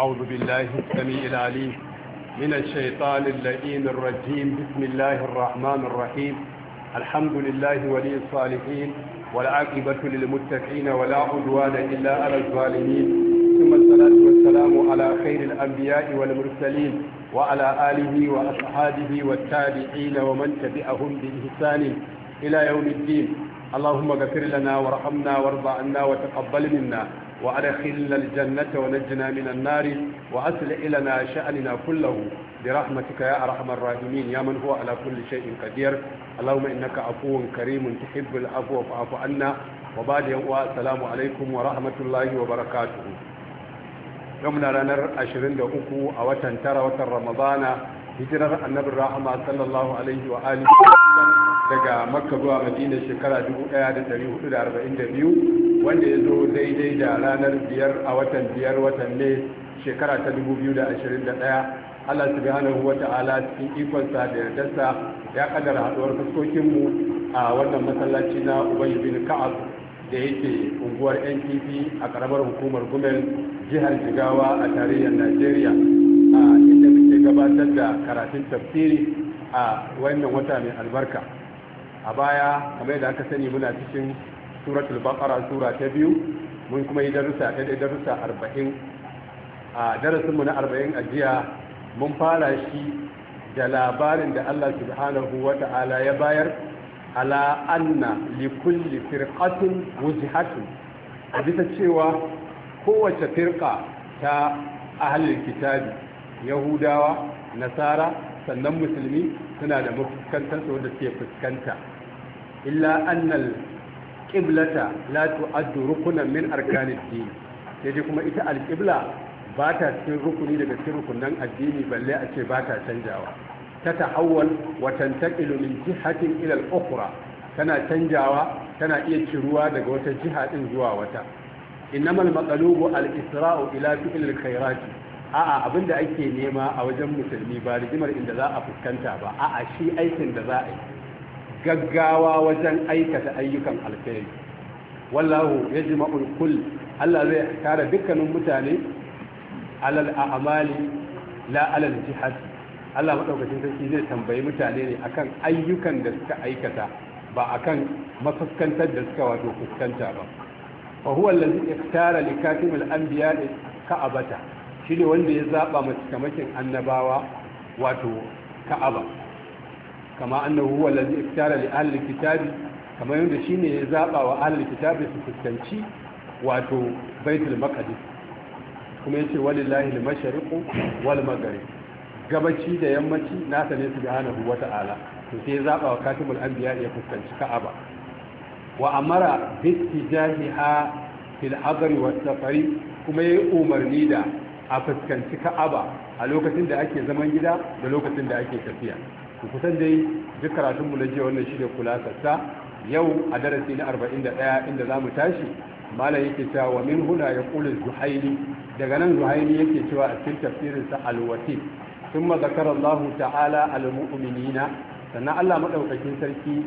أعوذ بالله السميع العليم من الشيطان اللئيم الرجيم بسم الله الرحمن الرحيم الحمد لله ولي الصالحين والعاقبة للمتقين ولا عدوان إلا على الظالمين ثم الصلاة والسلام على خير الأنبياء والمرسلين وعلى آله وأصحابه والتابعين ومن تبعهم بإحسان إلى يوم الدين اللهم اغفر لنا وارحمنا وارض عنا وتقبل منا وأدخلنا الجنة ونجنا من النار وأسلئ لنا شأننا كله برحمتك يا أرحم الراحمين يا من هو على كل شيء قدير اللهم إنك عفو كريم تحب العفو فاعف عنا وبعد يوم السلام عليكم ورحمة الله وبركاته يومنا رانر أشرين لأكو أوتن ترى وتر رمضان hijirar annabin rahama sallallahu alaihi wa alihi daga makka zuwa madina shekara 1442 wanda ya zo daidai da ranar biyar a watan biyar watan ne shekara ta 2021 allah subhanahu wa ta'ala cikin ikonsa da yardarsa ya kaddara haɗuwar fuskokinmu a wannan masallaci na ubayi bin ka'ab da yake unguwar npp a karamar hukumar gumel jihar jigawa a tarayyar najeriya a inda muke gabatar da karatun tafsiri a wannan wata mai albarka a baya kamar da aka sani muna cikin suratul baqara sura ta biyu mun kuma yi darussa ta da darussa arba'in. a darasin mu na arba'in a jiya mun fara shi da labarin da Allah subhanahu wata'ala ya bayar ala anna li kulli firqatin wujhatun a bisa cewa kowace firqa ta ahlul kitabi yahudawa nasara sannan musulmi suna da mafuskantarsa wanda suke fuskanta illa annal alƙiblata la tu'addu rukunan min arkanid din yaje kuma ita alƙibla ba ta cikin rukuni daga cikin rukunan addini balle a ce ba ta canjawa ta tahawwal wa tantaqilu min jihatin ila al-ukhra tana canjawa tana iya ciruwa daga wata jiha din zuwa wata innamal maqlubu al-isra'u ila fi'l al-khairati a'a abinda ake nema a wajen musulmi ba rigimar inda za a fuskanta ba a'a shi aikin da za a yi gaggawa wajen aikata ayyukan alkhairi wallahu yajma'ul kull Allah zai tara dukkanin mutane alal a'mali la alal jihad Allah madaukakin sarki zai tambayi mutane ne akan ayyukan da suka aikata ba akan mafuskantar da suka wato fuskanta ba fa huwa allazi ikhtara li katimil anbiya ka'abata shine wanda ya zaba mace kamakin annabawa wato ka'aba kama annahu huwa allazi iktara li ahli shine ya zaba wa ahli kitabi su fuskanci wato baitul maqdis kuma yace walillahi al wal maghrib gabaci da yammaci nasa ne subhanahu ta'ala, to sai ya zaba wa katibul anbiya ya fuskanci ka'aba wa amara bi tijahiha fil hadri was safari kuma yayi umarni da a fuskanci ka'aba a lokacin da ake zaman gida da lokacin da ake tafiya ku kusan dai duk karatunmu na jiya wannan shine kulasarsa yau a darasi na 41 inda za mu tashi malam yake cewa wa min huna ya kula zuhaili daga nan zuhaili yake cewa a cikin tafsirinsa alwasi ثم ذكر الله ta'ala المؤمنين sannan Allah maɗaukakin sarki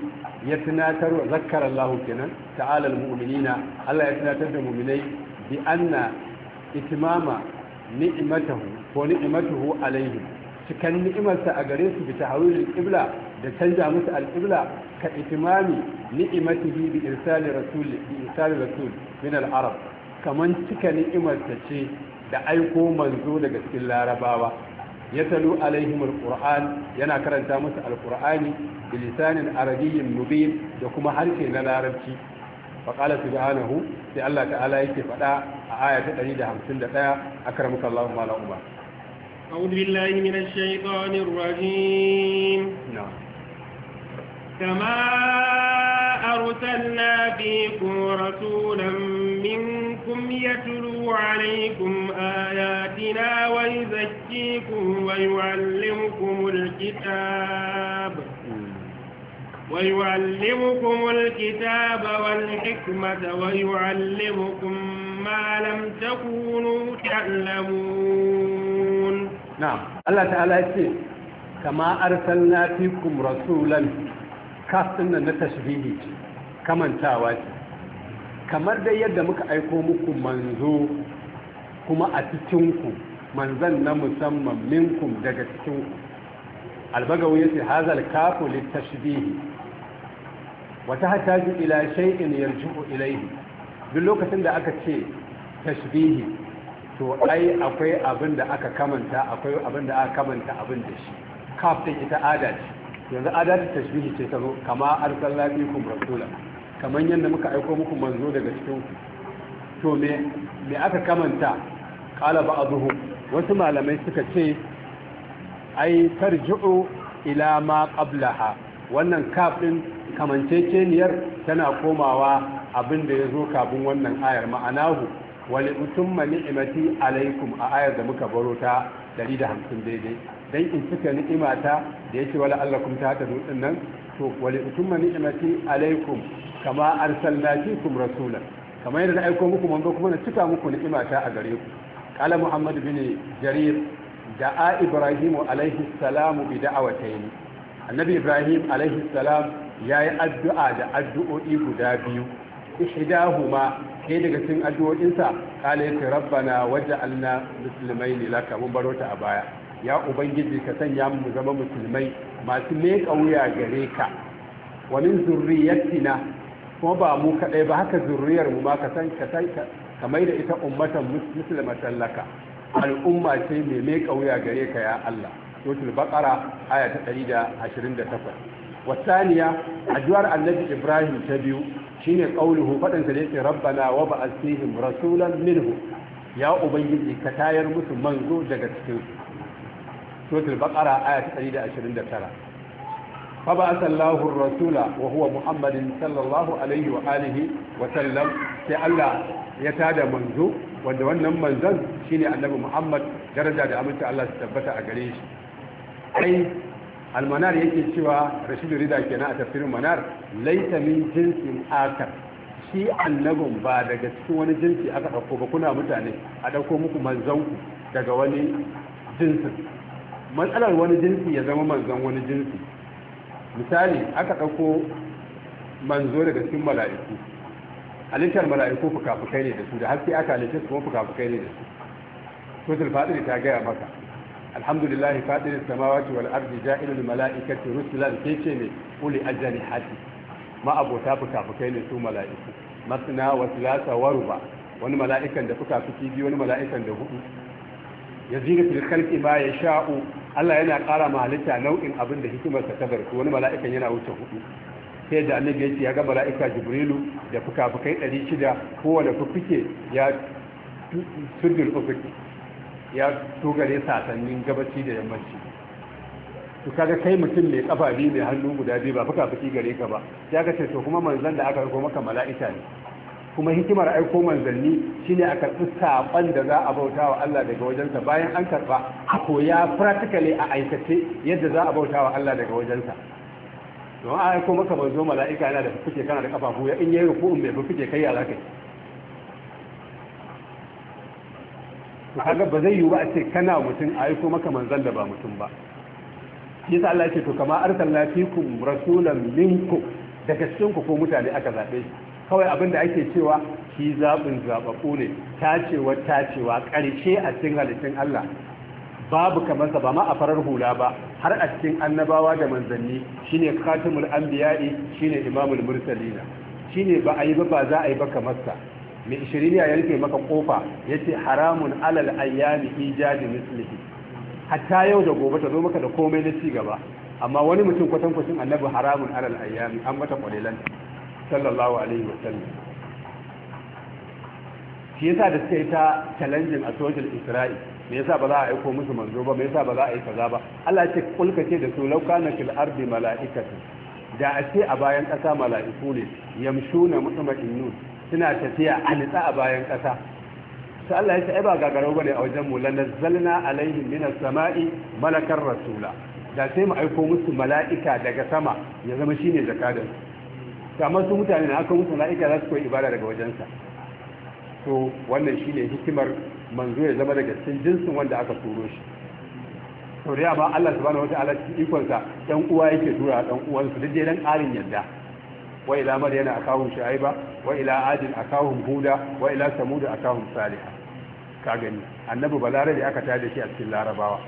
ya tunatar wa kenan ta'ala almu'minina Allah ya tunatar da mu'minai bi anna itmama ni'matahu ko ni'matuhu alaihim cikan ni'imarsa a gare su bi tahawilil qibla da canja musu al-qibla ka itimami ni'imatihi bi irsali rasul bi irsali rasul min al-arab kaman cika ni'imarsa ce da aiko manzo daga cikin larabawa ya talu al alquran yana karanta musu alqurani bi lisanin arabiyyin mubin da kuma harshe na larabci fa qala subhanahu sai Allah ta'ala yake fada a aya ta 151 akramukallahu mala umar أعوذ بالله من الشيطان الرجيم نعم كما أرسلنا فيكم رسولا منكم يتلو عليكم آياتنا ويزكيكم ويعلمكم الكتاب ويعلمكم الكتاب والحكمة ويعلمكم ما لم تكونوا تعلمون na'am Allah ta'ala ya ce kama arsalna fikum rasulan kafin nan na tashbihi kamantawa ce kamar dai yadda muka aiko muku manzo kuma a cikinku manzan na musamman minkum daga cikinku albagawo ya ce hazal kafu littashbihi wata hataju ila shay'in yarju’u ilayhi duk lokacin da aka ce tashbihi to ai akwai abin da aka kamanta akwai abin da aka kamanta abin da shi kaf din ita ada yanzu ada ta tashbihi ce ta zo kama arsalati bikum rasula kaman yanda muka aiko muku manzo daga cikin to me me aka kamanta qala ba'dhu wasu malamai suka ce ai tarji'u ila ma qablaha wannan kaf din kamanceceniyar tana komawa abin da ya zo kafin wannan ayar ma'anahu wali utumma ni'imati alaikum a ayar da muka baro ta 150 daidai dan in cika ni'imata da yake wala allakum ta ta dutsen nan to wali utumma ni'imati alaikum kama arsalna fikum rasulan kama yadda na aiko muku manzo kuma na cika muku ni'imata a gare ku qala muhammad bin jarir da'a ibrahimu alaihi salamu bi da'awatayn annabi ibrahim alaihi salam yayi addu'a da addu'o'i guda biyu ihdahuma ke daga cikin addu'o'insa kala yace rabbana waj'alna ne laka mun baro ta a baya ya ubangiji ka sanya mu zama musulmai masu ne kauya gare ka wa min zurriyatina Ko ba mu kadai ba haka zurriyar mu ma ka san ka san ka kamar da ita ummatan muslimatan laka al'umma ce mai me kauya gare ka ya Allah suratul baqara aya ta 128 wasaniya addu'ar annabi ibrahim ta biyu shine qauluhu fadan sa da yake rabbana wa ba'ath rasulan minhu ya ubangiji ka tayar musu manzo daga cikin suratul baqara aya ta 129 fa ba'atha Allahu rasula wa huwa muhammadin sallallahu alaihi wa alihi wa sallam sai Allah ya tada manzo wanda wannan manzon shine annabi muhammad daraja da aminta Allah su tabbata a gare shi ai almanar yake cewa rashidu rida kenan a tafsirin manar laita min jinsin akar shi annabin ba daga cikin wani jinsi aka ɗauko ba kuna mutane a ɗauko muku manzanku daga wani jinsin matsalar wani jinsi ya zama manzan wani jinsi misali aka ɗauko manzo daga cikin mala'iku halittar mala'iku fuka-fukai ne da su da haske aka halittar su kuma fuka-fukai ne da su to zulfaɗi ta gaya maka alhamdulillah fadir samawati wal ardi ja'ilul mala'ikati rusulan ke ce ne uli ajani hati ma abota fuka ne su mala'iku masna wa silasa wa ruba wani mala'ikan da fuka-fuki biyu wani mala'ikan da hudu yazidu fil khalqi ma yasha'u Allah yana ƙara ma halitta nau'in abin da hikimarsa ta barku wani mala'ikan yana wuce hudu sai da annabi ya ya ga mala'ika jibrilu da fuka ɗari 600 kowane fukuke ya sudul ufuki ya dogare sasannin gabaci da yammaci to kaga kai mutum mai kafa biyu mai hannu guda biyu ba fuka fuki gare ka ba ya ga ce to kuma manzon da aka aiko maka mala'ika ne kuma hikimar aiko manzanni shine a karɓi saƙon da za a bauta wa Allah daga wajensa bayan an karɓa a koya practically a aikace yadda za a bauta wa Allah daga wajensa don a aiko maka manzo mala'ika yana da fuke kana da kafafu in yayi ruku'un mai fuke kai ya kaga ba zai yiwu ba a ce kana mutum a aiko maka manzon da ba mutum ba ta Allah ce to kama arsalna fikum rasulan minku daga cikin ko mutane aka zaɓe. shi kawai abin da ake cewa shi zabin zababbu ne tacewa tacewa ƙarshe a cikin halittun Allah babu kamar sa ba ma a farar hula ba har a cikin annabawa da manzanni shine khatimul anbiya'i shine imamul mursalina shine ba a yi ba ba za a yi ba kamar sa mai ishirin ya yanke maka kofa ya ce haramun alal ayyami ijadi mislihi hatta yau da gobe ta zo maka da komai na ci gaba amma wani mutum kwatankwacin annabi haramun alal ayyami an mata kwalilan sallallahu alaihi wa sallam shi yasa da suka yi ta challenging a social isra'i me yasa ba za a aiko musu manzo ba me yasa ba za a yi kaza ba Allah ce kulka ce da su laukanan kana fil ardi mala'ikatu da a a bayan kasa mala'iku ne yamshuna mutma'innun suna tafiya a nitsa a bayan ƙasa su Allah ya ce ai ba gagarau bane a wajen mu a alaihim minas sama'i malakar rasula da sai mu aiko musu mala'ika daga sama ya zama shine jakadan kamar su mutane na aka musu mala'ika za su koyi ibada daga wajensa to wannan shine hikimar manzo ya zama daga cikin jinsin wanda aka turo shi to da ba Allah subhanahu wata cikin ikonsa dan uwa yake tura dan uwansu duk dan ƙarin yadda wa ila maryana akahum shu'aiba wa ila adin akahum huda wa ila samud akahum salih ka gani annabi da aka tada shi a cikin larabawa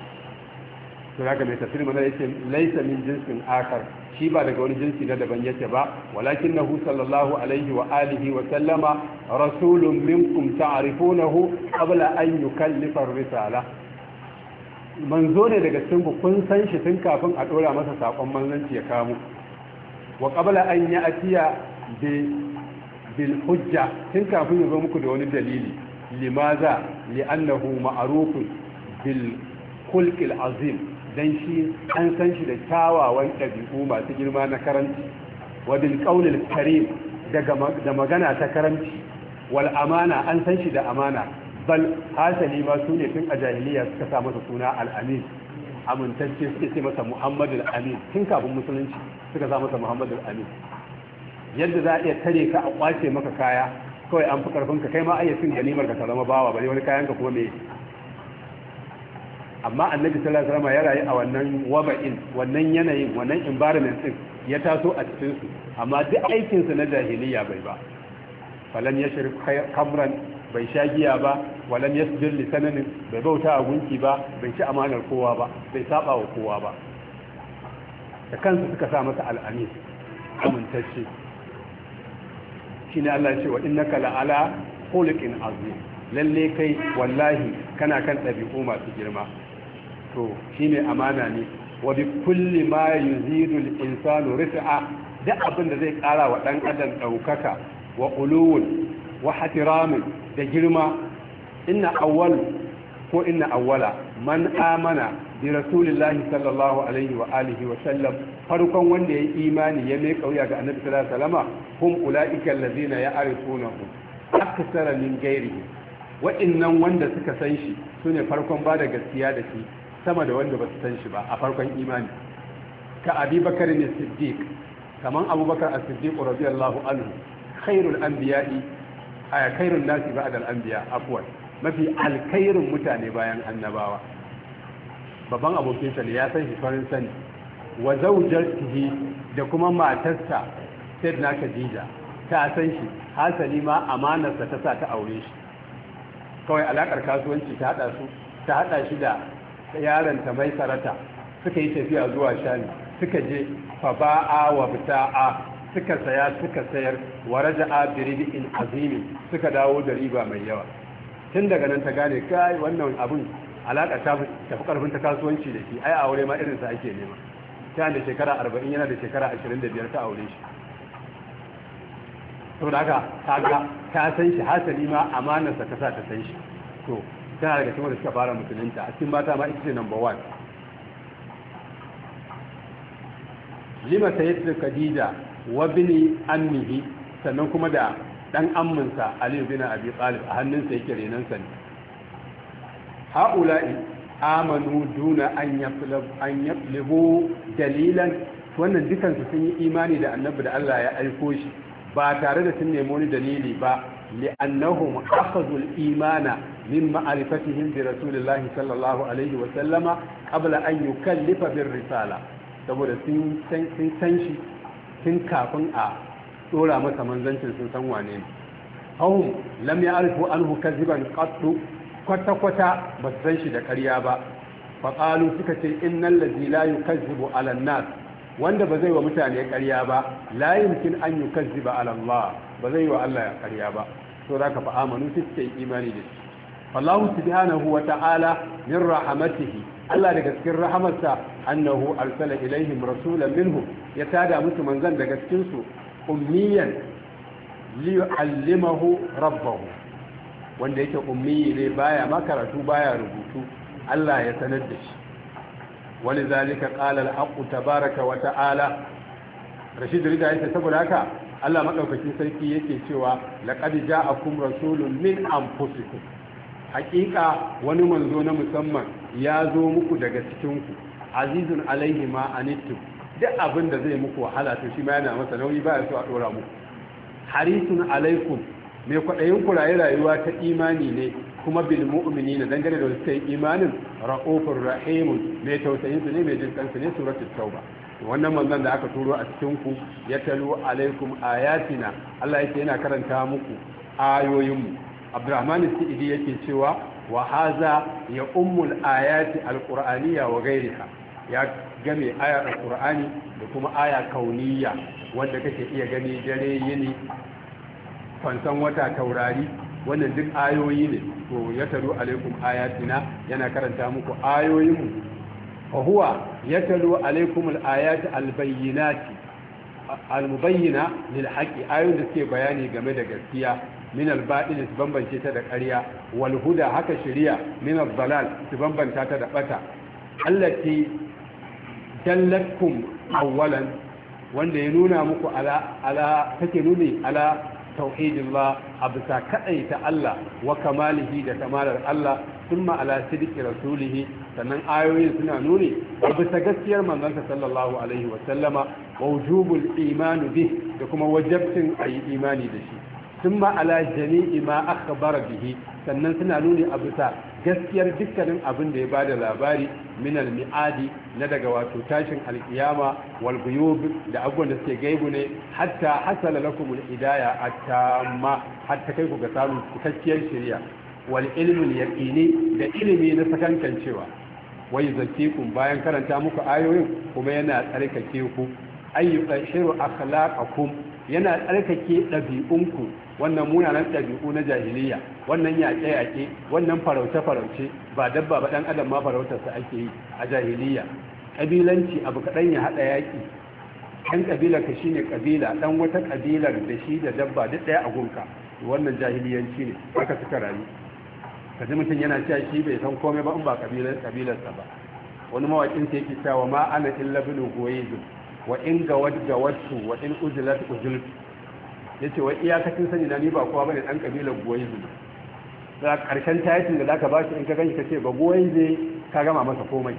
to haka mai tafsir mana yake laysa min jinsin akar shi ba daga wani jinsi na daban yake ba walakinahu sallallahu alaihi wa alihi wa sallama rasulun minkum ta'rifunahu qabla an yukallifa risala manzo ne daga cikin kun san shi tun kafin a dora masa sakon manzanci ya kamu. wa ƙabala an yi afiya da hujja tun kafin ya zo muku da wani dalili limaza li'annahu ma'rufun bil khulqil azim Don shi an san shi da kyawawan ɗabi'u masu girma na karanci wa bil karim da magana ta karanci wal amana an san shi da amana bal hasali ma su ne tun a jahiliya suka sa masa suna alamin amintacce suke ce masa muhammadul amin tun kafin musulunci suka sa masa Muhammadu amin yadda za a iya tare ka a kwace maka kaya kawai an fi karfin ka kai ma ayyasin ganimar ka zama bawa bare wani kayan ka kuma me amma annabi sallallahu alaihi wasallam ya rayu a wannan waba'in wannan yanayin wannan environment din ya taso a cikin su amma duk aikin sa na jahiliya bai ba falan yashir kamran bai sha giya ba walan yasjud li sananin bai bauta a gunki ba bai ci amanar kowa ba bai saba wa kowa ba da kansu suka sa masa al'amin amintacce shi ne Allah cewa inna ka la'ala hulukin azim lalle kai wallahi kana kan ɗabi'u masu girma to shi ne amana ne wa kulli ma yuzidu al-insanu rif'a duk abin da zai ƙara wa ɗan adam ɗaukaka wa ulul wa hatiramin da girma inna awwal ko inna awwala man amana bi rasulillahi sallallahu alaihi wa alihi wa sallam farkon wanda ya imani ya mai kauya ga annabi sallallahu alaihi wasallama hum ulaika allazina ya'rifunahu akthara min ghairihi wa'annan wanda suka san shi sune farkon ba da gaskiya da shi sama da wanda ba su san shi ba a farkon imani ka abi ne siddiq kaman abubakar as-siddiq radiyallahu anhu khairul anbiya'i a khairun nasi ba'da al-anbiya afwan mafi alkhairun mutane bayan annabawa babban abokinsa ne ya san shi farin sani wa zaujatihi da kuma matarsa sayyidina khadija ta san shi hasali ma amanarsa ta sa ta aure shi kawai alakar kasuwanci ta hada su ta hada shi da yaron ta mai sarata suka yi tafiya zuwa shani suka je fa ba'a wa bita'a suka saya suka sayar wa raja'a ribin azimi suka dawo da riba mai yawa tun daga nan ta gane kai wannan abun. alaka ta tafi karfin ta kasuwanci da shi ai aure ma irin sa ake nema ta yana da shekara 40 yana da shekara 25 ta aure shi to da haka kaga ta san shi hasali ma amanarsa ta sa ta san shi to ta daga cikin da suka fara musulunta a cikin mata ma ita ce number 1 lima sayyid khadija wa bini annihi sannan kuma da dan amminsa ali bin abi talib a hannunsa yake renan sa ne ha'ula'i amanu duna an yablihu dalilan wannan dukansu sun yi imani da annabi da Allah ya aiko shi ba tare da sun nemi wani dalili ba li'annahum akhadhu al-imana min ma'rifatihim bi rasulillah sallallahu alaihi wa sallama qabla an yukallifa bir risala saboda sun sun kafin a dora masa manzanci sun san wane ne hum lam ya'rifu anhu kadhiban qattu kwata-kwata ba su san shi da ƙarya ba faƙalu suka ce innan lazi la yi kazzibu alannas wanda ba zai wa mutane ƙarya ba layin kin an yi kazziba alallah ba zai wa Allah ƙarya ba so za ka fa amanu su suke imani da shi Allah subhanahu wa ta'ala min rahamatihi Allah daga cikin rahamarsa annahu arsala ilaihim rasulan minhum ya tada musu manzan daga cikin su ummiyan li yu'allimahu rabbahu wanda yake ummi ne baya makaratu baya rubutu Allah ya sanar da shi wani zalika qala al-haqqu tabaaraka wa ta'ala Rashid Rida yace saboda haka Allah madaukakin sarki yake cewa laqad ja'akum rasulun min anfusikum hakika wani manzo na musamman ya zo muku daga cikinku azizun alaihi ma anittum duk abin da zai muku wahala to shi ma yana masa nauyi ba ya so a dora muku harisun alaikum mai kwaɗayin kuraye rayuwa ta imani ne kuma bil mu'mini na dangane da wasu yi imanin ra'ofin rahimun mai tausayin su ne mai jin kansu ne suratul tauba wannan manzon da aka turo a cikin ku ya talu alaikum ayatina Allah yake yana karanta muku ayoyin mu Abdurrahman Sidi yake cewa wa haza ya ummul ayati alqur'aniyya wa ghayriha ya game ayar alqur'ani da kuma aya kauniyya wanda kake iya gani dare yini kwanton wata taurari wannan duk ayoyi ne to ya taru alaikum ayatina yana karanta muku ayoyinmu fa huwa ya taru alaikum alayat albayyinati almubayyina lil ayoyin da suke bayani game da gaskiya min albatil su bambance ta da ƙarya Walhuda, haka shari'a min al-dalal su bambanta ta da bata allati dallakum awwalan wanda ya nuna muku ala ala take nuni ala tauhidillah a bisa ta Allah wa kamalihi da kamalar Allah sun ala sidqi rasulihi sannan ayoyin suna nuni a bisa gaskiyar manzon sallallahu alaihi wa sallama wa wujubul iman bih da kuma wajibcin ayi imani da shi thumma ala jami'i ma akhbara bihi sannan suna nuni a bisa gaskiyar dukkanin abin da ya ba da labari minal mi'adi na daga wato tashin alkiyama wal da abubuwan da suke gaibu ne hatta hasala lakum hidaya atamma hatta kai ku ga samun cikakkiyar shari'a wal ilmin yaqini da ilimi na sakankancewa wai zakikum bayan karanta muku ayoyin kuma yana tsarkake ku ayyuka shiru akhlaqakum yana tsarkake ɗabi'unku wannan munanan ɗabi'u na jahiliya wannan yaƙe-yaƙe wannan farauce-farauce ba dabba ba ɗan adam ma farautarsa ake yi a jahiliya ƙabilanci abu kaɗan ya haɗa yaƙi ɗan ƙabilar ka shine ƙabila ɗan wata ƙabilar da shi da dabba duk ɗaya a gunka wannan jahiliyanci ne haka suka rayu kaji mutum yana cewa shi bai san komai ba in ba ƙabilarsa ba wani mawaƙin sai yake cewa ma ana illa bin goyezin wa in ga wadda wasu wa in uzilat uzil ya ce wa iyakacin sani na ni ba kowa bane dan kabilar goyizu da karshen tayatin da za ka bashi in ka ganshi kace ba goyizu ka gama masa komai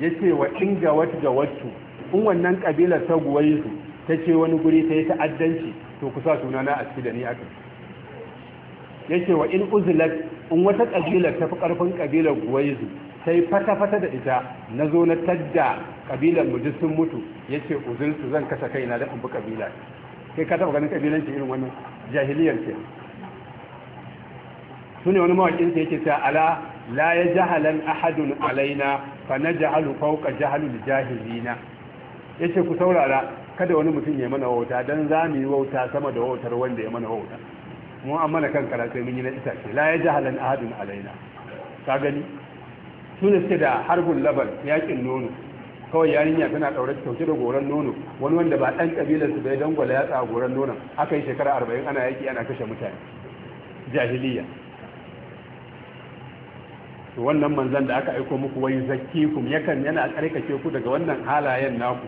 ya ce wa in ga wadda wasu in wannan kabilar ta goyizu ta ce wani guri ta yi ta'addanci to kusa sunana a aski da ni aka ya ce wa in uzilat in wata kabilar ta fi karfin kabilar goyizu sai fata-fata da ita na zo na tadda kabilan mu duk sun mutu ya ce uzinsu zan kasa kaina da abu kabila kai ka taba ganin kabilanci irin wani jahiliyar ke su ne wani mawaƙin sa yake ta ala la ya jahalan ahadun alaina fa na jahalu fauka da jahilina ya ce ku saurara kada wani mutum ya mana wauta don za mu yi wauta sama da wautar wanda ya mana wauta mu an mana kan kara sai mun yi na itace la ya jahalan ahadun alaina ka gani suna ne suke da harbin laban yakin nono kawai yarinya tana ɗaure kyauce da goron nono wani wanda ba ɗan ƙabilar su bai dangwala ya tsaya goron nonon aka yi shekara arba'in ana yaƙi ana kashe mutane jahiliya wannan manzan da aka aiko muku wai zakkikum yakan yana tsarkake ku daga wannan halayen naku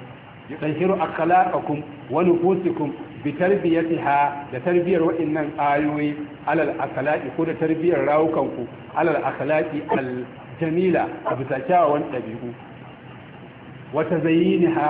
yudahiru akhlaqakum wa nufusikum bi tarbiyatiha da tarbiyar waɗannan ayoyi alal akhlaqi ko da tarbiyar rawukan ku alal akhlaqi al jamila a bisa kyawawan ɗabi'u wata ha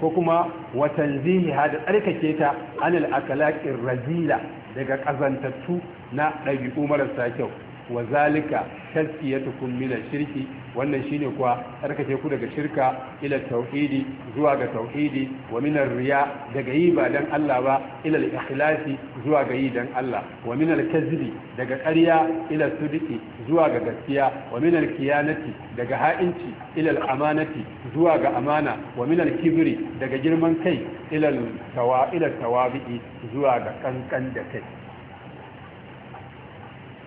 ko kuma watan ha da tsarkake ta anil akalaƙin razila daga ƙazantattu na ɗabi'u marasa kyau wa zalika taskiyatukum min shirki wannan shi ne kuwa tsarkake ku daga shirka ila tauhidi zuwa ga tauhidi wa minar riya daga yi ba dan Allah ba ila ikhlasi zuwa ga yi dan Allah wa minar kazibi daga ƙarya ila sidiki zuwa ga gaskiya wa minar kiyanati daga ha'inci ila amanati zuwa ga amana wa minar kibri daga girman kai ila tawa ila tawabi zuwa ga kankan da kai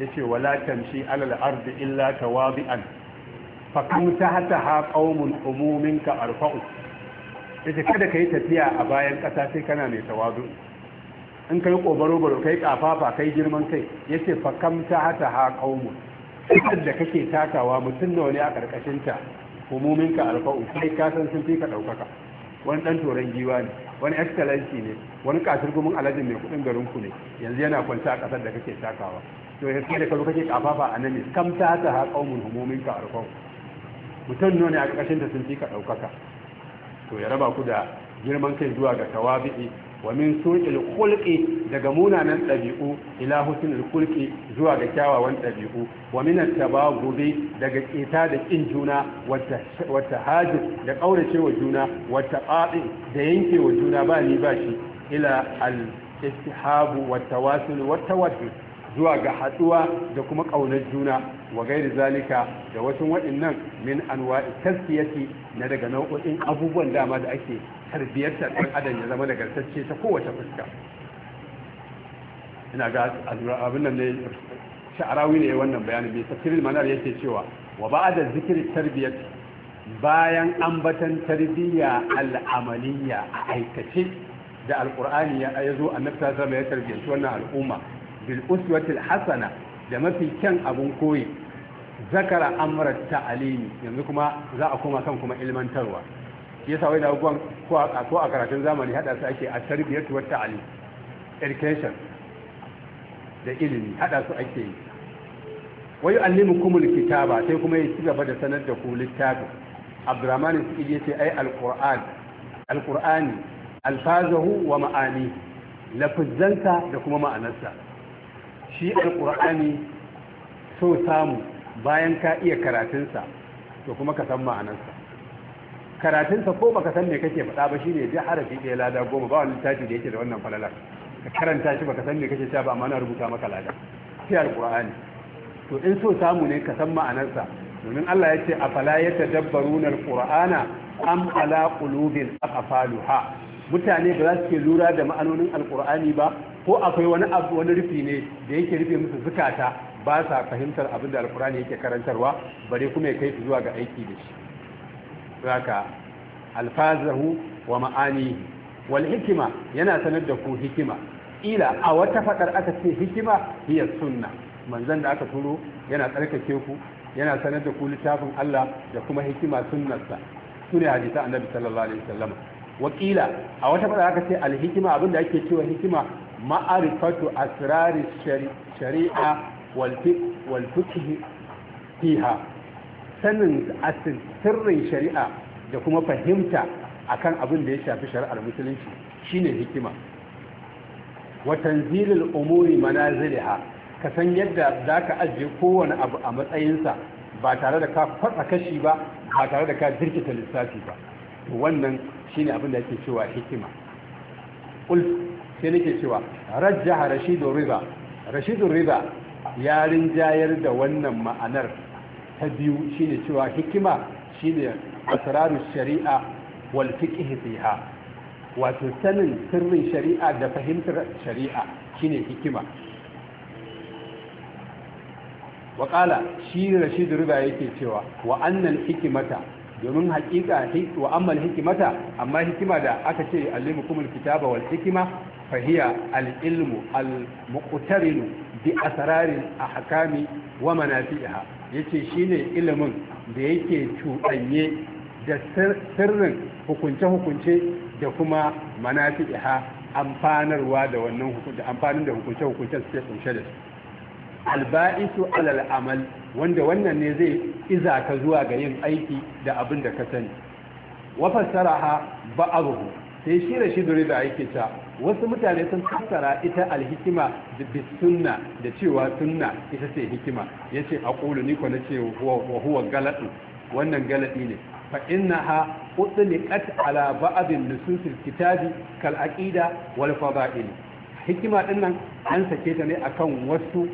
yace wala tamshi alal ardi illa tawabi'an fakam ta hata ha umumin ka arfa'u yace kada kai tafiya a bayan kasa sai kana mai tawazu in kai kobaro baro kai kafafa kai girman kai yace fakam ta hata ha qaumun da kake takawa mutun nawa ne a karkashin ta ka arfa'u sai ka san sun fi ka daukaka wani dan toran giwa ne wani excellency ne wani kasir gumin alajin mai kudin garin ku ne yanzu yana kwanta a kasar da kake takawa to kai da kalu kake kafafa a nan ne kam ta hata ha umumin ka arfa'u mutum ne a ƙarƙashin ta sun fi ka ɗaukaka to ya raba ku da girman kai zuwa ga tawabi'i wa min su'il khulqi daga munanan ɗabi'u, ila husnul khulqi zuwa ga kyawawan ɗabi'u, wa min at-tabaghudi daga ƙeta da kin juna wata tahajjud da wa juna wata taqati da yankewa juna ba ni ba shi ila al-istihabu wa tawasul wata tawaddud zuwa ga haduwa da kuma ƙaunar juna wa gairi zalika da wasu waɗannan min anwa'i tazkiyati na daga nau'o'in abubuwan dama da ake tarbiyyarta ɗan adam ya zama nagartacce ta kowace fuska ina ga abin nan ne sha'arawi ne wannan bayanin mai tafsirin manar yake cewa wa da zikirin tarbiyyar bayan ambatan tarbiyya al'amaliyya a aikace da alƙurani ya zo a sallallahu zama ya tarbiyyar wannan al'umma bil uswatil hasana da mafi kyan abun koyi zakara amrat ta'alimi yanzu kuma za a koma kan kuma ilmantarwa ya yasa wai da gwan ko a karatun zamani hada su ake a tarbiyatu wa education da ilimi hada su ake yi wai kumul kitaba sai kuma ya ci gaba da sanar da ku littafi Abdurrahman Sidi a ai alquran alqurani alfazahu wa ma'ani lafzanka da kuma ma'anarsa shi alƙur'ani so samu bayan ka iya karatunsa to kuma ka san ma'anarsa karatunsa ko baka san me kake faɗa ba shine duk harafi ɗaya lada goma ba wani littafi da yake da wannan falalar ka karanta shi baka san me kake cewa ba amma na rubuta maka lada sai alƙur'ani to in so samu ne ka san ma'anarsa domin Allah ya ce afala yatadabbaruna alqur'ana am ala qulubin aqfaluha mutane ba za su ke lura da ma'anonin alqur'ani ba ko akwai wani abu wani rufi ne da yake rufe musu zukata ba sa fahimtar abin da alkurani yake karantarwa bare kuma ya kai su zuwa ga aiki da shi haka alfazahu wa ma'anihi wal hikima yana sanar da ku hikima ila a wata fadar aka ce hikima hiya sunna manzon da aka turo yana tsarkake ku yana sanar da ku littafin Allah da kuma hikima sunnarsa sune hadisa annabi sallallahu alaihi wasallam wakila a wata fadar aka ce alhikima abinda ake cewa hikima ma'arifatu asrari shari'a wal fiha sanin sirrin shari'a da kuma fahimta akan abin da ya shafi shari'ar musulunci shine hikima wa tanzilul umuri ka san yadda zaka ajiye kowane abu a matsayinsa ba tare da ka fatsa kashi ba ba tare da ka jirkita lissafi ba wannan shine abin da ake cewa hikima sai nake cewa rajjaha rashidu riba rashidu riba ya rinjayar da wannan ma'anar ta biyu shine cewa hikima shine asrarus shari'a wal fiqh fiha wato sanin sirrin shari'a da fahimtar shari'a shine hikima waƙala shi rashidu riba yake cewa wa annal hikimata domin haƙiƙa wa ammal hikimata amma hikima da aka ce alimukumul kitaba wal hikima فهي العلم المقترن بأسرار الأحكام ومنافئها يتي shine ilimin da yake cuɗanye da sirrin hukunce-hukunce da kuma manafi'iha amfanarwa da wannan hukunce amfanin da hukunce su suke kunshe da su alba'isu alal amal wanda wannan ne zai iza ka zuwa ga yin aiki da abin da ka sani saraha ba'a ba'aruhu sai shi da shi da aiki ta wasu mutane sun tattara ita alhikima da bisunna da cewa sunna ita ce hikima yace a ƙulu niko na ce wa huwa galatu wannan galadi ne fa innaha utliqat ala ba'd nususil kitabi kal aqida wal fada'il hikima din nan an sake ta ne akan wasu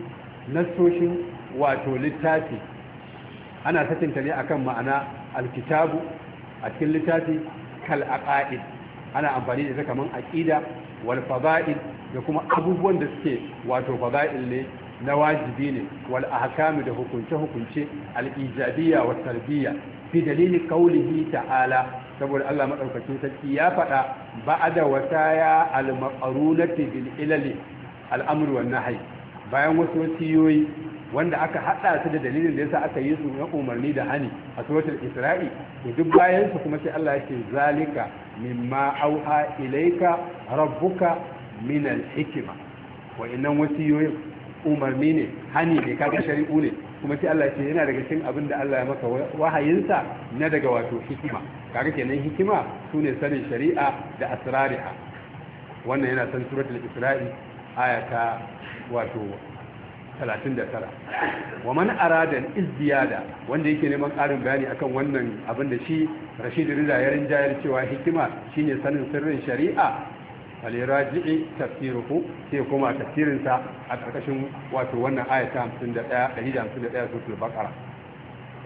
nassoshin wato littafi ana sakinta ne akan ma'ana alkitabu a cikin littafi kal aqaid ana amfani da ita kaman aqida wal fada'il da kuma abubuwan da suke wato fada'il ne na wajibi ne wal ahkamu da hukunce hukunce al ijabiyya wa tarbiyya fi dalili qawlihi ta'ala saboda Allah madaukakin sarki ya faɗa da wasaya al maqarunati bil ilali al amr wan nahy bayan wasu wasiyoyi wanda aka hada su da dalilin da yasa aka yi su na umarni da hani a suratul isra'i to duk bayan su kuma sai Allah yake zalika mimma auha ilayka rabbuka min al-hikma wa innan wasiyoyin umarni ne hani ne kaga shari'u ne kuma sai Allah ce yana daga cikin abin da Allah ya maka wahayinsa na daga wato hikima kaga kenan hikima sune sanin shari'a da asrariha wannan yana san suratul isra'i aya ta wato 39 wa man arada izdiyada wanda yake neman ƙarin bayani akan wannan abin da shi Rashid Rida ya rinjayar cewa hikima shine sanin sirrin shari'a faliraji'i tafsiruhu sai kuma tafsirin sa a karkashin wato wannan aya da 51 151 suratul baqara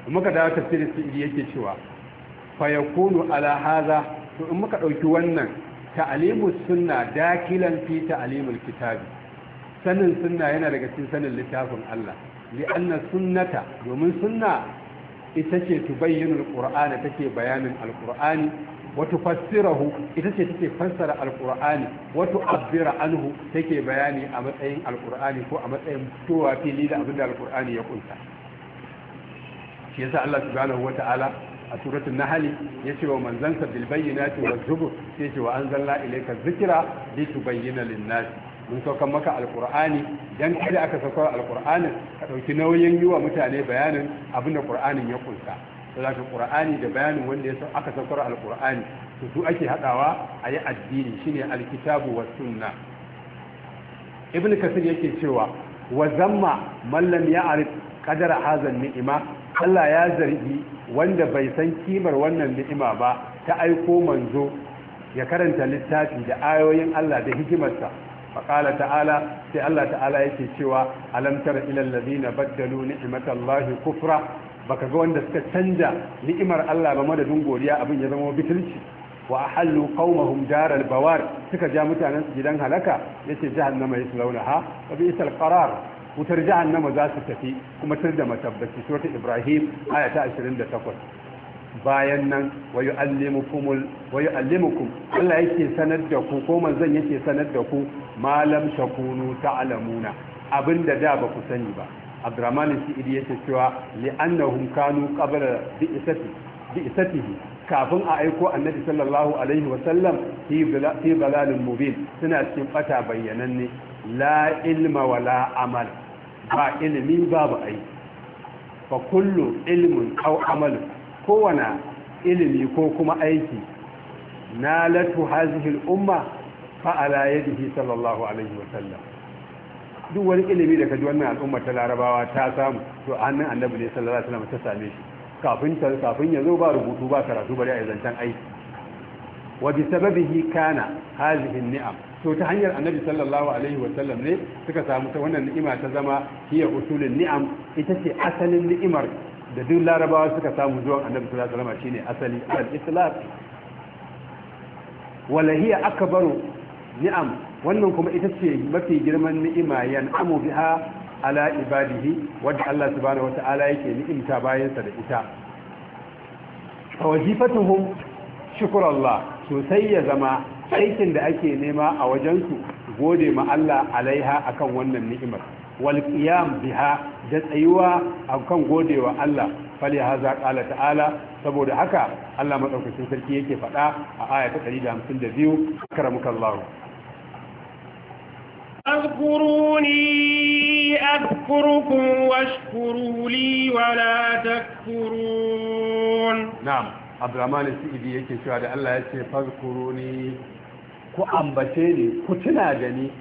muka dawo tafsirin sai yake cewa fa yakunu ala hadha to in muka dauki wannan ta'limus sunna dakilan fi ta'limul kitabi sanin sunna yana daga cikin sanin littafin Allah li'anna sunnata domin sunna ita ce tubayyinul qur'ana take bayanin alqur'ani wa tufassirahu ita ce take fassara alqur'ani wa tu'abbira anhu take bayani a matsayin alqur'ani ko a matsayin fitowa fili da abinda alqur'ani ya kunta shi yasa Allah subhanahu ta'ala a suratul nahl yace wa manzanka bil bayyinati waz zubur yace wa anzalna ilayka dhikra litubayyana lin-nasi mun saukan maka alkur'ani dan kada aka saukar alkur'anin ka ɗauki nauyin yi wa mutane bayanin abin da ƙur'anin ya kunsa to za ƙur'ani da bayanin wanda ya aka saukar alkur'ani to su ake haɗawa a yi addini shine alkitabu wa sunna ibn kasir yake cewa wa zamma mallam ya arif kadara hazan ni'ima Allah ya zargi wanda bai san kimar wannan ni'ima ba ta aiko manzo ya karanta littafi da ayoyin Allah da hikimarsa faƙala ta'ala sai Allah ta'ala yake cewa alamtar ilal ladina baddalu ni'matallahi kufra baka ga wanda suka canja ni'imar Allah ba madadin godiya abin ya zama bitilci wa ahallu qaumahum daral bawar suka ja mutanen su gidan halaka yace jahannama yaslaunaha wa bi'sal qarar wutar jahannama za su tafi kuma tar da matabbaci ibrahim aya ta 28 bayan nan wa yi allimukum Allah yake sanar da ku ko manzan yake sanar da ku malam ta alamuna, abinda da ba ku sani ba Abdurrahman Sa'idi yake cewa li'annahum kanu qabla bi'sati bi'satihi kafin a aiko annabi sallallahu alaihi wa sallam fi balalin mubin suna cikin bata bayyananne la ilma la amal ba ilimi babu ayi, fa kullu ilmun aw amalun kowane ilimi ko kuma aiki na latu hazihil umma fa'ala yadihi sallallahu alaihi wasallam duk wani ilimi da kaji wannan al'umma ta larabawa ta samu to hannun annabi ne sallallahu alaihi wasallam ta same shi kafin ta kafin ya zo ba rubutu ba karatu bari a zancan aiki wa sababi sababihi kana hadhihi ni'am to ta hanyar annabi sallallahu alaihi wasallam ne suka samu ta wannan ni'ima ta zama hiya usulun ni'am ita ce asalin ni'imar da duk larabawa suka samu zuwan annabi sallallahu alaihi wasallam shine asali al-islam wala hiya akbaru ni'am wannan kuma ita ce mafi girman ni'ima yan'amu biha ala ibadihi wadda Allah subhanahu wata'ala yake ni'imta bayansa da ita fa wajifatuhum shukrullah sosai ya zama aikin da ake nema a wajen wajensu gode ma Allah alaiha akan wannan ni'imar Walƙiyam biha da tsayuwa kan godewa Allah fali haza qala ta'ala saboda haka Allah madaukakin sarki yake faɗa a aya ta 152 karamakallahu اذكروني أذكركم واشكروا لي ولا تكفرون نعم عبد الرحمن السيدي yake cewa da Allah ya ce fazkuruni ku ambace ni ku tuna da ni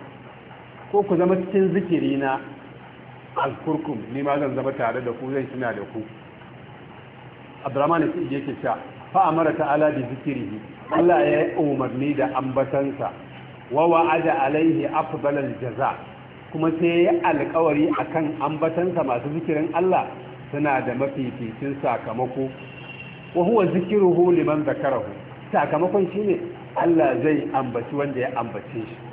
ko ku zama cikin zikiri na alkurkum ni ma zan zama tare da ku zan suna da ku abdurrahman sai yake sha, fa amara ta'ala bi zikrihi Allah ya umarni da ambatansa wa wa'ada alaihi afdalal jaza kuma sai ya alƙawari kan ambatansa masu zikirin Allah suna da mafificin sakamako wa huwa zikiruhu liman zakarahu sakamakon shine Allah zai ambaci wanda ya ambace shi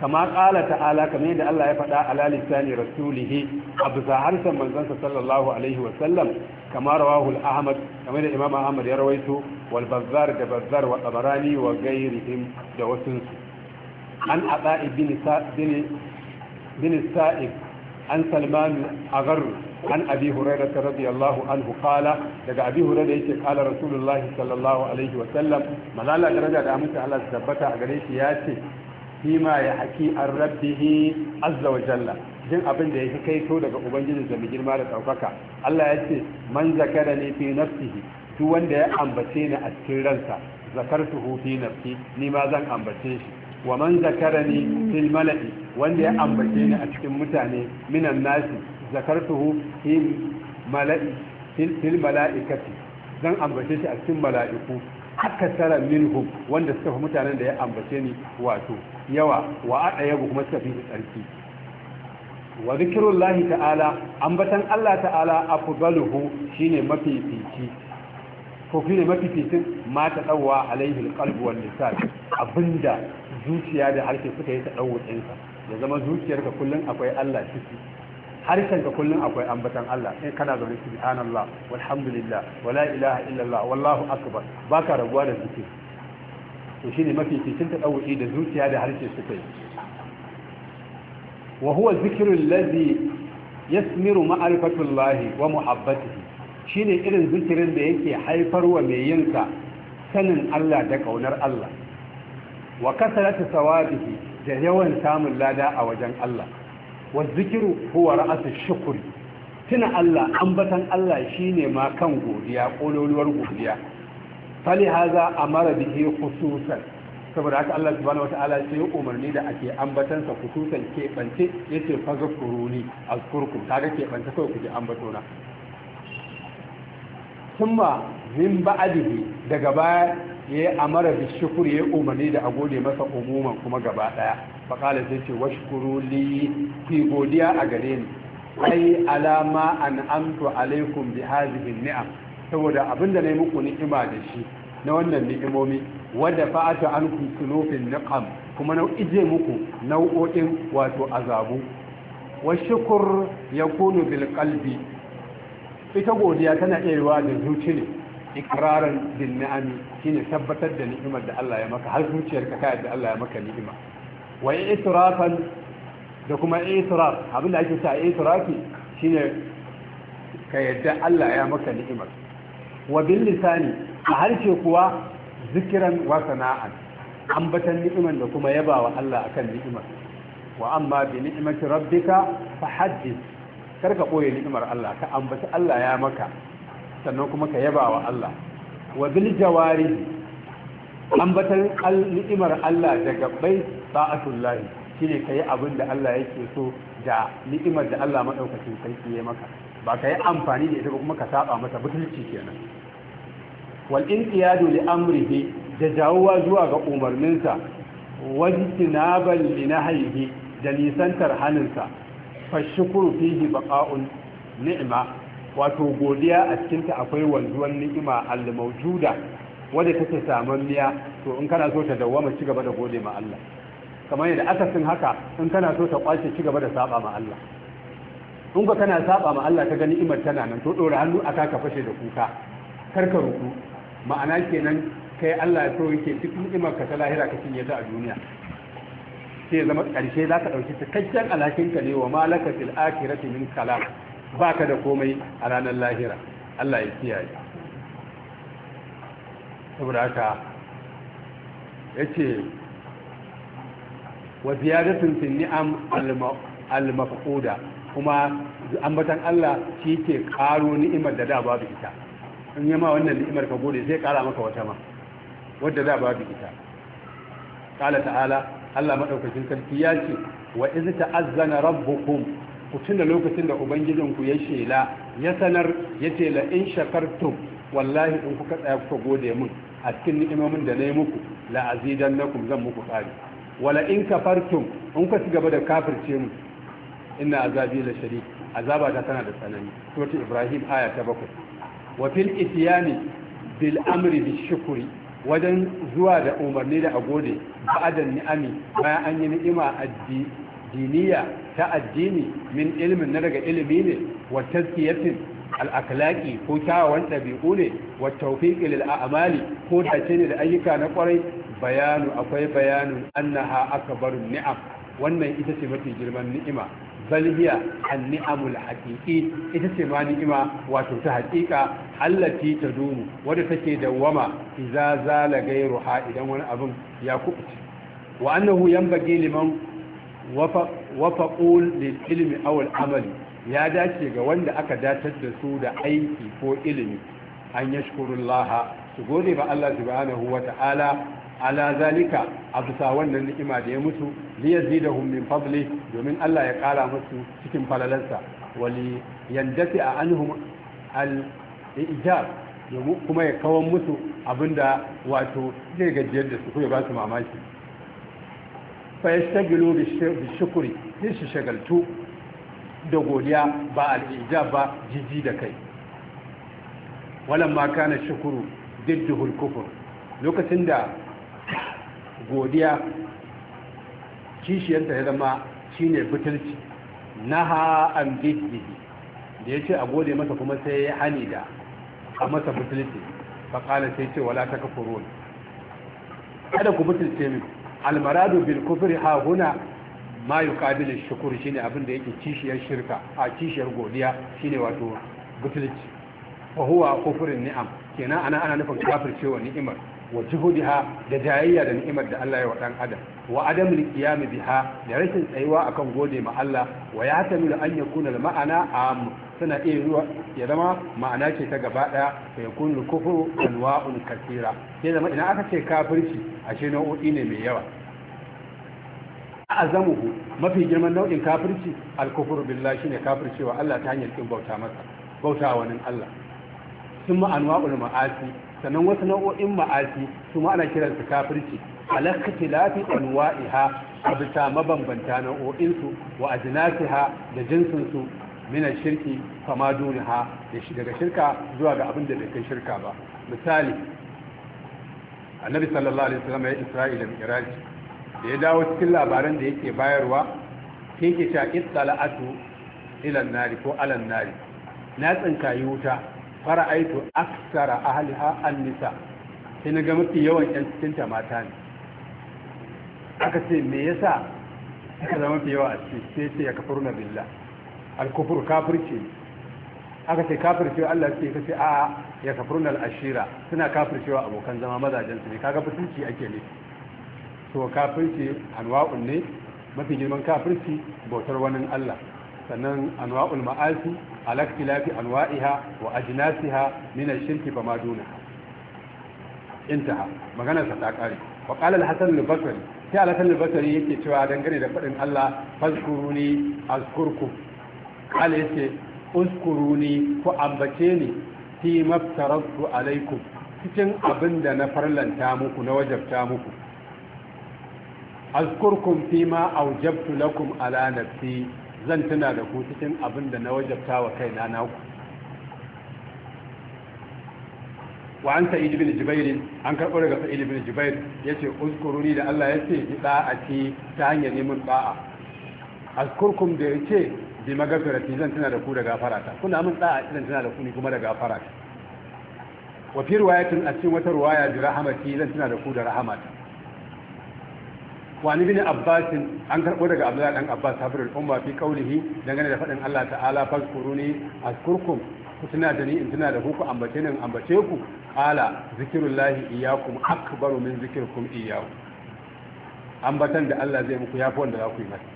kama ƙala ta'ala kamar yadda Allah ya faɗa ala lisani rasulihi a bisa harshen manzansa sallallahu alaihi wa sallam kama rawahu al-ahmad kamar da imam ahmad ya rawaito wal bazzar da bazzar wa tabarani wa ghairihim da wasun an aba ibn sa'id bin sa'id an salman agar an abi hurairah radiyallahu anhu qala daga abi hurairah yake qala rasulullahi sallallahu alaihi wa sallam malala daraja da amince Allah tabbata a gare shi ya ce fima ya haki an rabbihi azza wa jalla jin abin da ya fi kai to daga ubangijin da mai girma da ɗaukaka Allah ya ce man zakara ne fi nafsihi duk wanda ya ambace ni a cikin ransa tuhu fi nafsi ni ma zan ambace shi wa man zakara ni fil mala'i wanda ya ambace ni a cikin mutane minan nasi zakartuhu fi mala'i fil mala'ikati zan ambace shi a cikin mala'iku tara minhum wanda suka fi mutanen da ya ambace ni wato yawa wa a ɗaya kuma suka fi tsarki wa lahi ta'ala ambatan Allah ta'ala afdaluhu shine mafifici ko shine mafificin ma ta dawwa alaihi alqalbu wal abinda zuciya da harshe suka yi ta dawo ɗinsa ya zama zuciyarka kullum akwai Allah ciki harshen ka kullum akwai ambatan Allah in kana zaune subhanallah walhamdulillah wala ilaha illallah wallahu akbar baka rabuwa da zikiri to ne mafi cikin ta ɗauki da zuciya da harshe suka yi wa huwa zikru allazi yasmiru ma'rifatullahi wa shi shine irin zikirin da yake haifarwa mai yinsa sanin Allah da ƙaunar Allah wa kasaratu sawabihi da yawan samun lada a wajen Allah wa zikiru huwa ra'asu shukuri tuna Allah ambatan Allah shine ma kan godiya kololuwar godiya fali haza amara bihi khususan saboda haka Allah subhanahu wataala sai umarni da ake ambatan sa khususan ke bance yace fazkuruni azkurkum kaga ke bance kai ku ambato na thumma min ba'dihi daga baya ya amara bi shukuri ya umarni da a gode masa umuman kuma gaba daya fakala sai ce washkuru li fi godiya a gare ni ai alama an amtu alaikum bi hadhihi ni'am saboda abinda yi muku ni'ima da shi na wannan ni'imomi wadda fa'ata ankum sunufin ni'am kuma na ije muku nau'o'in wato azabu kur ya yakunu bil qalbi ita godiya tana iya yiwa da zuci ne ikraran bin ni'ami shine tabbatar da ni'imar da Allah ya maka har zuciyarka ka yadda Allah ya maka ni'ima wa itirafan da kuma itiraf abin da ake sa Shi ne. ka yadda Allah ya maka ni'imar Wabin bil lisani a harshe kuwa zikiran wa sana'an ambatan ni'iman da kuma yabawa Allah akan ni'imar wa amma bi ni'imati rabbika fa haddith karka boye ni'imar Allah ka ambata Allah ya maka sannan kuma ka yabawa Allah wa jawari ambatan ni'imar Allah da gabbai ta'atullahi shine kai abin da Allah yake so da ni'imar da Allah madaukakin sarki ya maka ba ka yi amfani da ita ba kuma ka saba masa butulci kenan wal inqiyadu li amrihi da jawuwa zuwa ga umarninsa wajtinaban li nahyihi da nisantar haninsa fa shukru fihi baqa'un ni'ma wato godiya a cikin ta akwai wanzuwan ni'ima al-mawjuda wanda take samanniya to in kana so ta dawwama ci gaba da gode ma Allah kamar yadda aka sun haka in kana so ta kwace ci gaba da saba ma Allah in ka kana saba ma Allah ta gani imar tana nan to dora hannu aka ka fashe da kuka kar ka ruku ma'ana kenan kai Allah ya so yake duk ni'imar ka ta lahira ka cinye ta a duniya sai zama karshe za ka ɗauki cikakken ka ne wa malakatil akhirati min kalam baka da komai a ranar lahira Allah ya kiyaye saboda haka yace wa ziyadatun fil ni'am al-mafquda kuma ambatan Allah shi ke karo ni'imar da da babu ita in yi ma wannan ni'imar ka gode zai kara maka wata ma wadda da babu ita qala ta'ala Allah madaukakin sarki ya ce wa iz ta'azzana rabbukum ku tuna lokacin da ubangijinku ya shela ya sanar ya ce la in shakartum wallahi in kuka tsaya kuka gode min a cikin ni'imomin da na yi muku la azidannakum zan muku tsari wala in kafartum in ka ci gaba da kafirce mu inna azabi la shari azaba ta tana da tsanani suratul ibrahim aya ta 7 wa fil ityani bil amri bis shukri wajen zuwa da umarni da agode ba'adan ni'ami bayan an yi ni'ima addi diniya ta addini min ilmin na daga ilimi ne wa tazkiyatin al'akalaki ko kyawawan ɗabi'u ne wa taufiƙi Amali ko dace ne da ayyuka na kwarai. bayanu akwai bayanin annaha akbarun ni'am wannan ita ce mafi girman ni'ima bal hiya an-ni'amul haqiqi ita ce ma ni'ima wato ta haqiqa allati tadumu wadda take dawwama idza zala ghayruha idan wani abin ya kubuce wa annahu yanbaghi liman wafaqul lil ilmi aw al-amali ya dace ga wanda aka datar da su da aiki ko ilimi an yashkurullaha su gode ba Allah subhanahu wa ta'ala ala zalika a bisa wannan ni'ima da ya mutu li yazidahum min fadli domin Allah ya kara musu cikin falalansa wali yandati a anhum al ijab kuma ya kawo musu abinda wato zai gajiyar da su ko ya ba su mamaki fa yastagilu bi shukri sai shi shagaltu da godiya ba al ijab ba jiji da kai walamma kana shukuru didduhul kufur lokacin da godiya kishiyanta ya zama shine butulci ha an biddi da ya ce a gode masa kuma sai ya hani da a masa butulci kala sai ce wala ta roli kada ku butulce min almaradu bil Kufuri, ha huna ma yuqabilu shukur shi abin da yake kishiyar shirka a kishiyar godiya shi ne wato butulci fahuwa kufurin ni'am kenan ana ana nufin kafircewa ni'imar wa juhudiha da jayayya da ni'imar da Allah ya wa dan adam wa li qiyami biha da rashin tsayuwa akan gode ma Allah wa ya tamilu an yakuna al ma'ana am sana iya zuwa ya zama ma'ana ce ta gaba daya fa yakunu kufru anwa'un kathira sai zama idan aka ce kafirci ashe nau'i ne mai yawa azamuhu mafi girman nau'in kafirci al-kufru billahi shine kafircewa Allah ta hanyar kin bauta masa bauta wa Allah sun anwa'ul ma'asi sannan wasu nau'o'in ma'asi su ma ana kiran su kafirci alakati tilafi anwa'iha a bisa mabambanta nau'o'in su wa ajnasiha da jinsin su mina shirki fama duniha daga shirka zuwa ga abin da bai kai shirka ba misali annabi sallallahu alaihi wasallam ya isra'ila mi'raj da ya dawo cikin labaran da yake bayarwa yake ta ittala'atu ila nari ko alan nari na tsinkayi wuta fara'aitu aksara ahliha an-nisa sai na ga mafi yawan yan cikin ta mata ne aka ce me yasa aka zama mafi yawa a cikin sai ce ya kafaru na billah alkufur kufur aka ce kafirci Allah ce kace a ya kafaru na al suna suna wa abokan zama mazajen su ne kaga fitinci ake ne to kafirci anwa'un ne mafi girman kafirci bautar wani Allah sannan anwa'ul ma'asi ala anwa'iha wa ajnasiha min ash-shirki fa ma duna intaha magana sa ta kare wa qala al-hasan al-basri sai al-hasan al-basri yake cewa dangane da fadin Allah fazkuruni azkurkum qala yake uskuruni ku ambace ni fi maftaratu alaikum cikin abin da na farlanta muku na wajabta muku azkurkum fi ma aujabtu lakum ala nafsi zan tuna da ku cikin abin da na wajabta wa na naku wa an sa'id ibn jubair an karɓo daga sa'id ibn jubair yace uzkuruni da Allah yace a da'ati ta hanyar neman da'a azkurkum da yace bi magafirati zan tuna da ku da gafarata kuna mun da'a zan tuna da ku ni kuma da gafarata wa fi riwayatin a cikin wata riwaya bi rahamati zan tuna da ku da rahamata wani bin abbasin an karɓo daga abdullahi dan abbas sabir al-umma fi qawlihi dangane da faɗin Allah ta'ala fazkuruni azkurkum ku tuna da ni in tuna da kuku ambace ne ambace ku ala zikrullahi iyyakum akbaru min zikrikum iyyahu ambatan da Allah zai muku yafi wanda za ku yi masa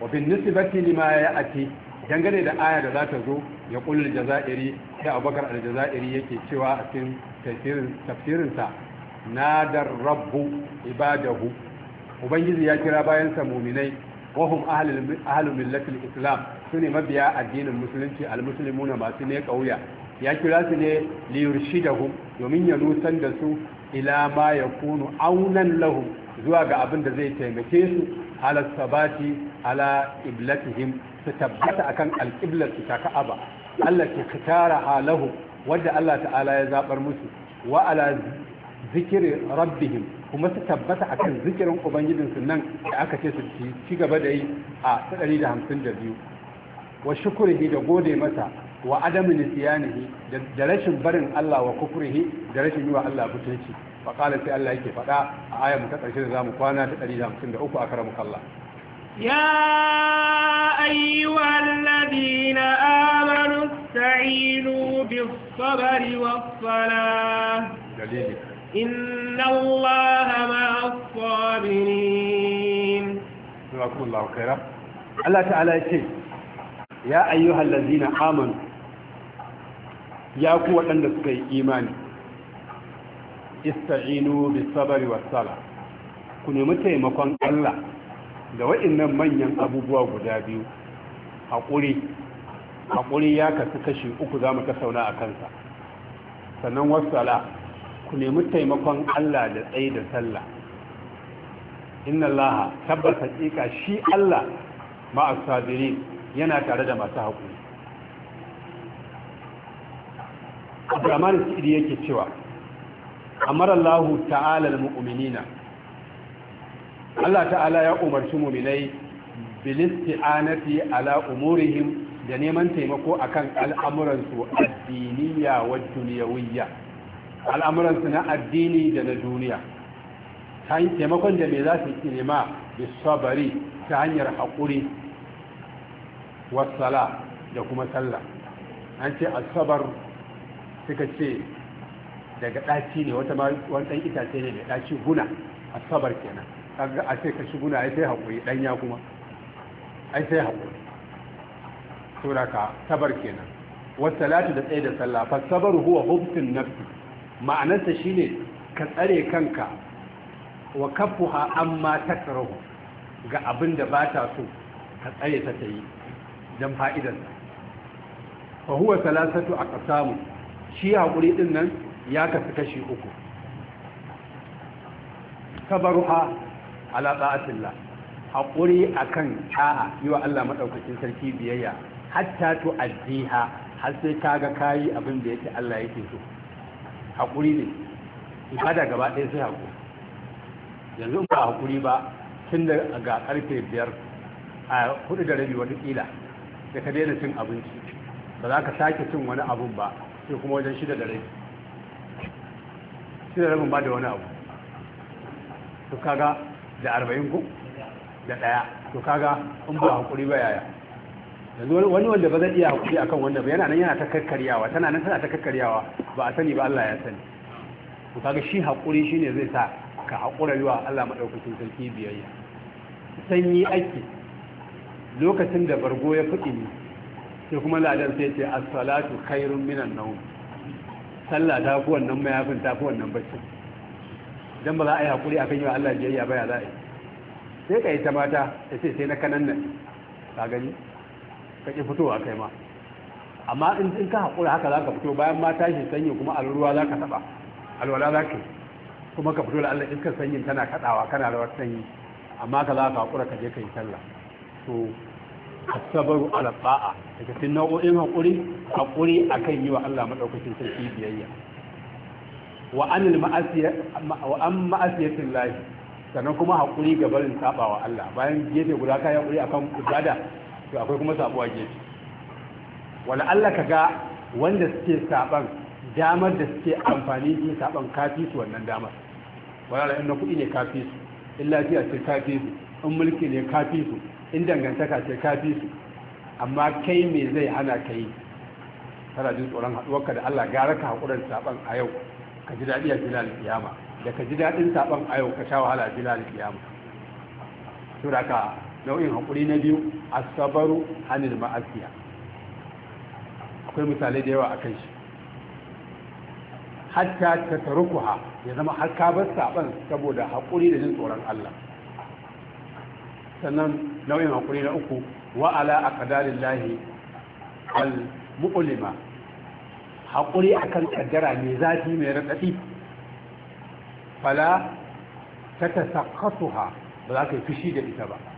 wa bin nisbati lima ya'ati dangane da aya da za ta zo ya kulli jazairi da abubakar al-jazairi yake cewa a cikin tafsirin tafsirinsa nadar rabbu ibadahu ubangiji ya kira bayan sa muminai wa hum ahlul millatil islam sune mabiya addinin musulunci almuslimuna masu ne kauya ya kira su ne li yurshidahum domin ya nusan da su ila ma yakunu aunan lahum zuwa ga abin da zai taimake su ala sabati ala iblatihim su tabbata akan alqiblat ta ka'aba Allah ke kitara halahu wadda Allah ta'ala ya zabar musu wa ala zikirin rabbihim kuma su tabbata a kan zikirin ubangijinsu nan da aka ce su ci gaba da yi a 152 wa shukurihi da gode masa wa adamu nisiyanihi da rashin barin Allah wa kukurihi da rashin yi wa Allah butunci fa qala sai Allah yake faɗa a ayatu ta karshe da zamu kwana ta 153 a karamu kalla. ya ayyuhal ladina amanu ista'inu bis sabri was dalili إن الله مع الصابرين جزاكم الله خيرا الله تعالى يتي يا أيها الذين آمنوا يا قوة النسك إيمان استعينوا بالصبر والصلاة كن يمتعي مقام الله da wa'annan من ينقبوا guda biyu أقولي أقولي ya سكشي kashi uku za mu سنن والصلاة ku nemi taimakon Allah da tsaye da sallah inna Allah tabbas hakika shi Allah ma'as sabirin yana tare da masu haƙuri Abdurrahman Sidi yake cewa amara Allah ta'ala al-mu'minina Allah ta'ala ya umarci mu'minai bil isti'anati ala umurihim da neman taimako akan al'amuransu addiniya wa duniyawiyya al'amuransu na addini da na duniya ta yi taimakon da mai za su yi nema da sabari ta hanyar haƙuri wasala da kuma sallah an ce asabar suka ce daga ɗaci ne wata ɗan itace ne da ɗaci guna asabar kenan a ce ka shi guna ai sai haƙuri ɗanya kuma ai sai haƙuri saboda ka sabar kenan wasalatu da tsaye da sallah fa sabar huwa hubtun nafsi ma'anarsa ne ka tsare kanka wa kafuha amma takrahu ga abin da ba ta so ka tsare ta ta yi don fa'idarsa fa huwa salasatu a ƙasamu shi haƙuri ɗin nan ya kasu kashi uku sabaruha ala ta'atillah haƙuri kan ta'a yi wa Allah maɗaukacin sarki biyayya hatta to addiha har sai ka ga kayi abin da yake Allah yake so hakuri ne ibada gaba ɗaya sai hakuri yanzu ba hakuri ba tun da ga karfe biyar a hudu da rabi kila da ka daina cin abinci ba za ka sake cin wani abun ba sai kuma wajen shida da rabi shida da rabin ba da wani abu to kaga da arba'in ku da ɗaya to kaga in ba hakuri ba yaya yanzu wani wanda ba zai iya hakuri akan wanda ba yana nan yana ta kakkaryawa tana nan tana ta kakkaryawa ba a sani ba Allah ya sani to kaga shi hakuri shine zai sa ka hakura yiwa Allah madaukakin sarki biyayya sanyi ake lokacin da bargo ya fudi ne sai kuma ladan sai ce as-salatu khairun minan nawm sallah ta ku wannan yafin ta ku wannan bacci dan ba za a yi hakuri akan yiwa Allah biyayya ba ya za a yi sai ka yi ta mata sai ce sai na kanan nan ka gani ka ƙi fitowa kai ma amma in ka haƙura haka za ka fito bayan ma tashi sanyi kuma alruwa za ka taɓa alwala za ka kuma ka fito da allah iskar sanyin tana kaɗawa kana wata sanyi amma ka za ka haƙura ka je ka yi sallah to asabaru ala ba'a daga cikin nau'o'in haƙuri haƙuri akan yi wa allah maɗaukakin sarki biyayya wa an ma'asiyatin lahi sannan kuma haƙuri ga barin saɓa wa allah bayan gefe guda kayan ƙuri haƙuri akan ibada to akwai kuma sabo a gefe wala Allah ka ga wanda suke saban damar da suke amfani da saban kafi su wannan damar wala la inna kuɗi ne kafi su in lafiya ce kafi su in mulki ne kafi su in dangantaka ce kafi su amma kai me zai hana ka yi kana jin tsoron haɗuwarka da Allah gara ka haƙurar saban a yau ka ji daɗi a filal kiyama da ka ji daɗin saban a yau ka sha wahala a filal kiyama saboda nau'in haƙuri na biyu asabaru anil ma'afiya. akwai misalai da yawa a kan shi hatta ta tarukuha ya zama har ka bar saboda haƙuri da jin tsoron Allah sannan nau'in haƙuri na uku wa'ala a aqdarin lahi al mu'lima haƙuri akan ƙaddara mai zafi mai raɗaɗi fala ta tasakkatuha ba za ka yi fushi da ita ba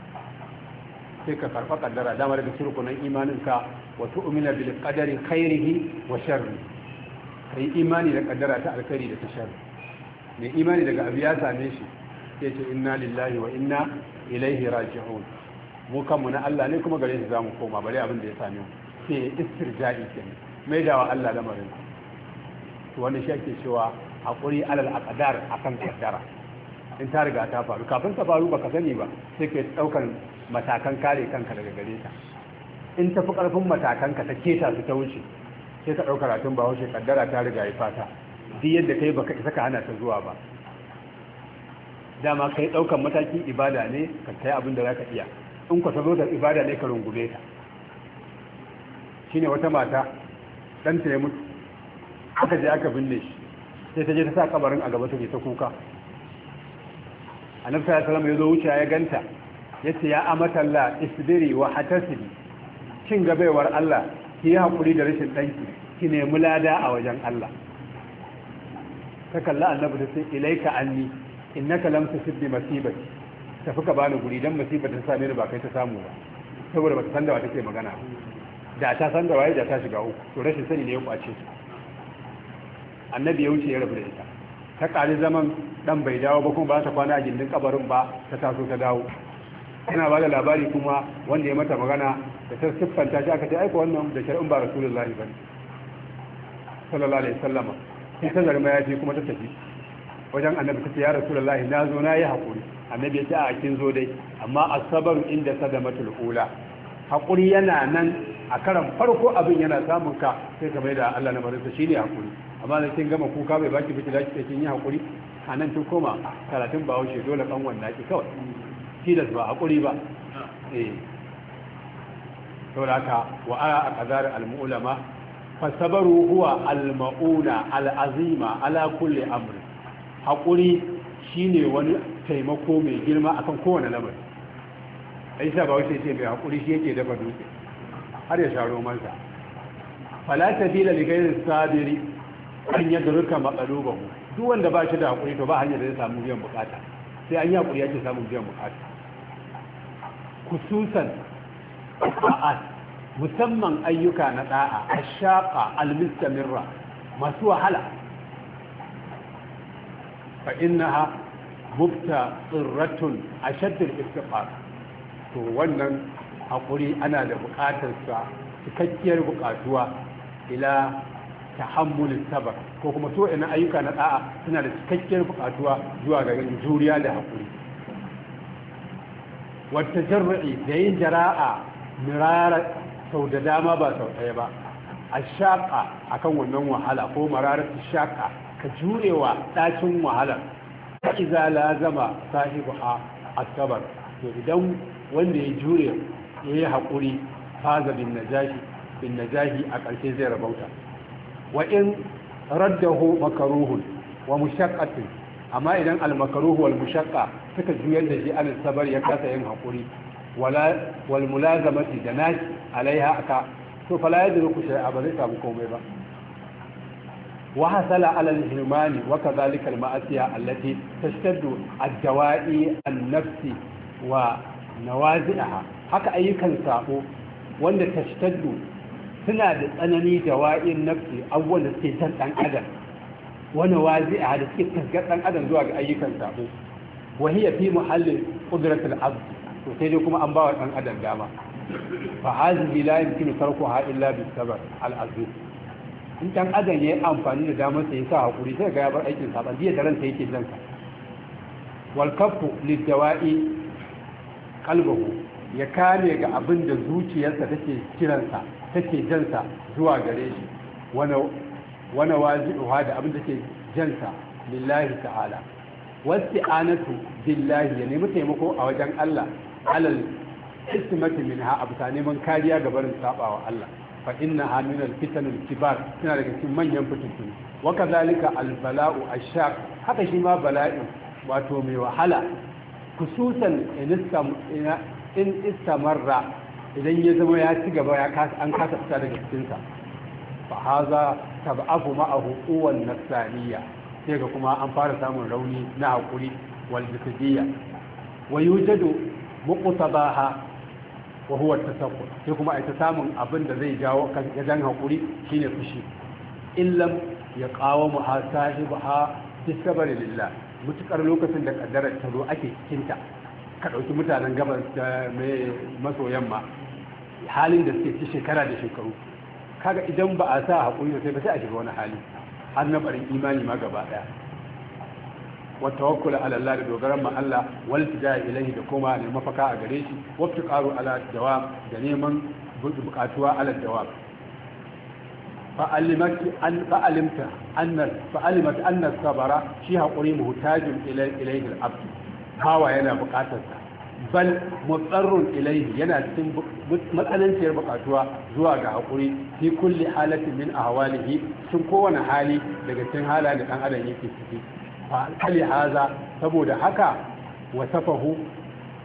sai ka karɓa kaddara damar da cikin rukunan imaninka wa tu'mina bil qadari khairihi wa sharri kai imani da ƙaddara ta alkhairi da ta sharri mai imani daga abu ya same shi sai ce inna lillahi wa inna ilaihi raji'un mu kanmu na Allah ne kuma gare shi zamu koma bare abin da ya same mu sai istirja'i kenan mai dawa Allah lamarin to wannan shi ake cewa haƙuri alal aqdar akan ƙaddara. in ta riga ta faru kafin ta faru baka sani ba sai ke daukan matakan kare kanka daga gare ta in tafi karfin matakanka ta keta su ta wuce sai ka ɗaukar ratun ba wuce kaddara ta riga ya fata duk yadda kai baka isa ka hana ta zuwa ba dama kai ɗaukar matakin ibada ne ka kai abin da zaka iya in ka zo da ibada ne ka rungume ta shine wata mata ta ya mutu aka je aka binne shi sai ta je ta sa kabarin a gaba ta ta kuka annabi sallallahu alaihi wasallam ya zo wuce ya ganta yace ya Allah isbiri wa hatasibi kin gabewar Allah ki yi hakuri da rashin danki ki nemi lada a wajen Allah ta kalla annabi ta ce ilaika anni innaka lam tusib masibati tafi ka bani guri dan masibar ta same ni ba kai ta samu ba saboda ba ta san da wa take magana da ta san da waye da ta shiga uku to rashin sani ne ya kwace su annabi ya wuce ya rabu da ita ta kali zaman dan bai dawo ba kuma ba ta kwana a gindin kabarin ba ta taso ta dawo yana ba da labari kuma wanda ya mata magana da ta siffanta shi aka ce aika wannan da shari'un ba rasulullahi ba sallallahu alaihi sallama sai ta zarma ya je kuma ta tafi wajen annabi ta ce ya rasulullahi na zo na yi haƙuri annabi ya ce a kin zo dai amma asabar inda sadamatul ula haƙuri yana nan a karan farko abin yana samun ka sai ka mai da Allah na marinsa shi ne haƙuri amma da kin gama kuka bai baki biki da kin yi haƙuri a nan kin koma karatun bahaushe dole kan wannan ki kawai tilas ba hakuri ba eh laka wa ara al ƙazar fa sabaru huwa al-ma'una al-azima ala kulli amri haƙuri shine wani taimako mai girma akan kowane lamari aisha ba wace ce mai haƙuri shi yake dafa dutse har ya sha romansa fala tafila li ghayri sabiri an yadruka maqalubahu duk wanda ba shi da hakuri to ba hanyar da zai samu biyan bukata sai an yi haƙuri yake samun biyan bukata kususan ba'at musamman ayyuka na da'a ashaqa almustamirra masu wahala fa innaha mubta tsirratun ashaddul istiqar to wannan hakuri ana da bukatar sa cikakkiyar buƙatuwa ila ta sabar ko kuma so ina ayyuka na ɗa'a suna da cikakkiyar buƙatuwa zuwa ga juriya da hakuri wata jarra'i da yin jara'a mirara sau da dama ba sau ɗaya ba a shaƙa a kan wannan wahala ko mararar shaƙa ka jurewa ɗacin wahalar ta iza lazama sahibu a asabar to idan wanda ya jure ya yi haƙuri faza bin najahi bin najahi a ƙarshe zai rabauta wa in raddahu makaruhun wa mushaƙatin? amma idan almakaruhu wal mushaqqa suka juyar da shi an sabar ya kasa yin hakuri wala wal mulazamati da naki alaiha aka to fala yadru ku shay'a ba zai samu komai ba wa hasala ala al-hirmani wa kadhalika al-ma'asiya allati tashtaddu ad-dawa'i an-nafsi wa nawazi'aha haka ayyukan sabo wanda tashtaddu suna da tsanani dawa'in nafsi abubuwan da suke san dan adam wani wazi a da suke tasgar ɗan adam zuwa ga ayyukan sabo ya fi muhallin ƙudratul da to sai dai kuma an bawa ɗan adam dama fa hazihi la yumkinu tarkuha illa bis sabr in ɗan adam yi amfani da damar sa haƙuri, hakuri sai ga ya bar aikin saɓa, jiya da ranta yake jinka wal kaffu lid ya kame ga abin da zuciyarsa take kiransa take jansa zuwa gare shi wani wazi'uha da abin da ke jansa lillahi ta'ala wasu anatu billahi ya nemi taimako a wajen Allah alal istimati min ha abu neman kariya ga barin sabawa Allah fa inna ha min al fitan al kibar tana daga cikin manyan fitintun wa kadhalika al bala'u ashaq haka shi ma bala'in wato mai wahala khususan in istamarra idan ya zama ya ci gaba ya an kasa fita daga cikin fa haza tab'afu ma'ahu quwwan Saniya sai ga kuma an fara samun rauni na hakuri wal jado wa ba ha wa huwa tasaqqut sai kuma ita samun abin da zai jawo kan gadan hakuri shine fushi illam ya mu ha ha fi sabari lillah mutukar lokacin da kaddarar ta zo ake cikinta ka ɗauki mutanen gabas da maso yamma halin da suke ci shekara da shekaru kaga idan ba a sa haƙuri sai ba sai a shiga wani hali har na barin imani ma gaba ɗaya. Wata tawakkul ala Allah da dogaran ma Allah wal tija ilahi da kuma ne mafaka a gare shi wa tuqaru ala jawab da neman bukatuwa ala jawab fa alimaki an fa sabara shi haƙuri muhtajin ila ilayhi al-abd hawa yana buƙatarsa bal mutsarrun ilaihi yana cikin matsananciyar bukatuwa zuwa ga haƙuri fi kulli halatin min ahwalihi cikin kowane hali daga cikin halayen da ɗan adam yake ciki fa kali haza saboda haka wasafahu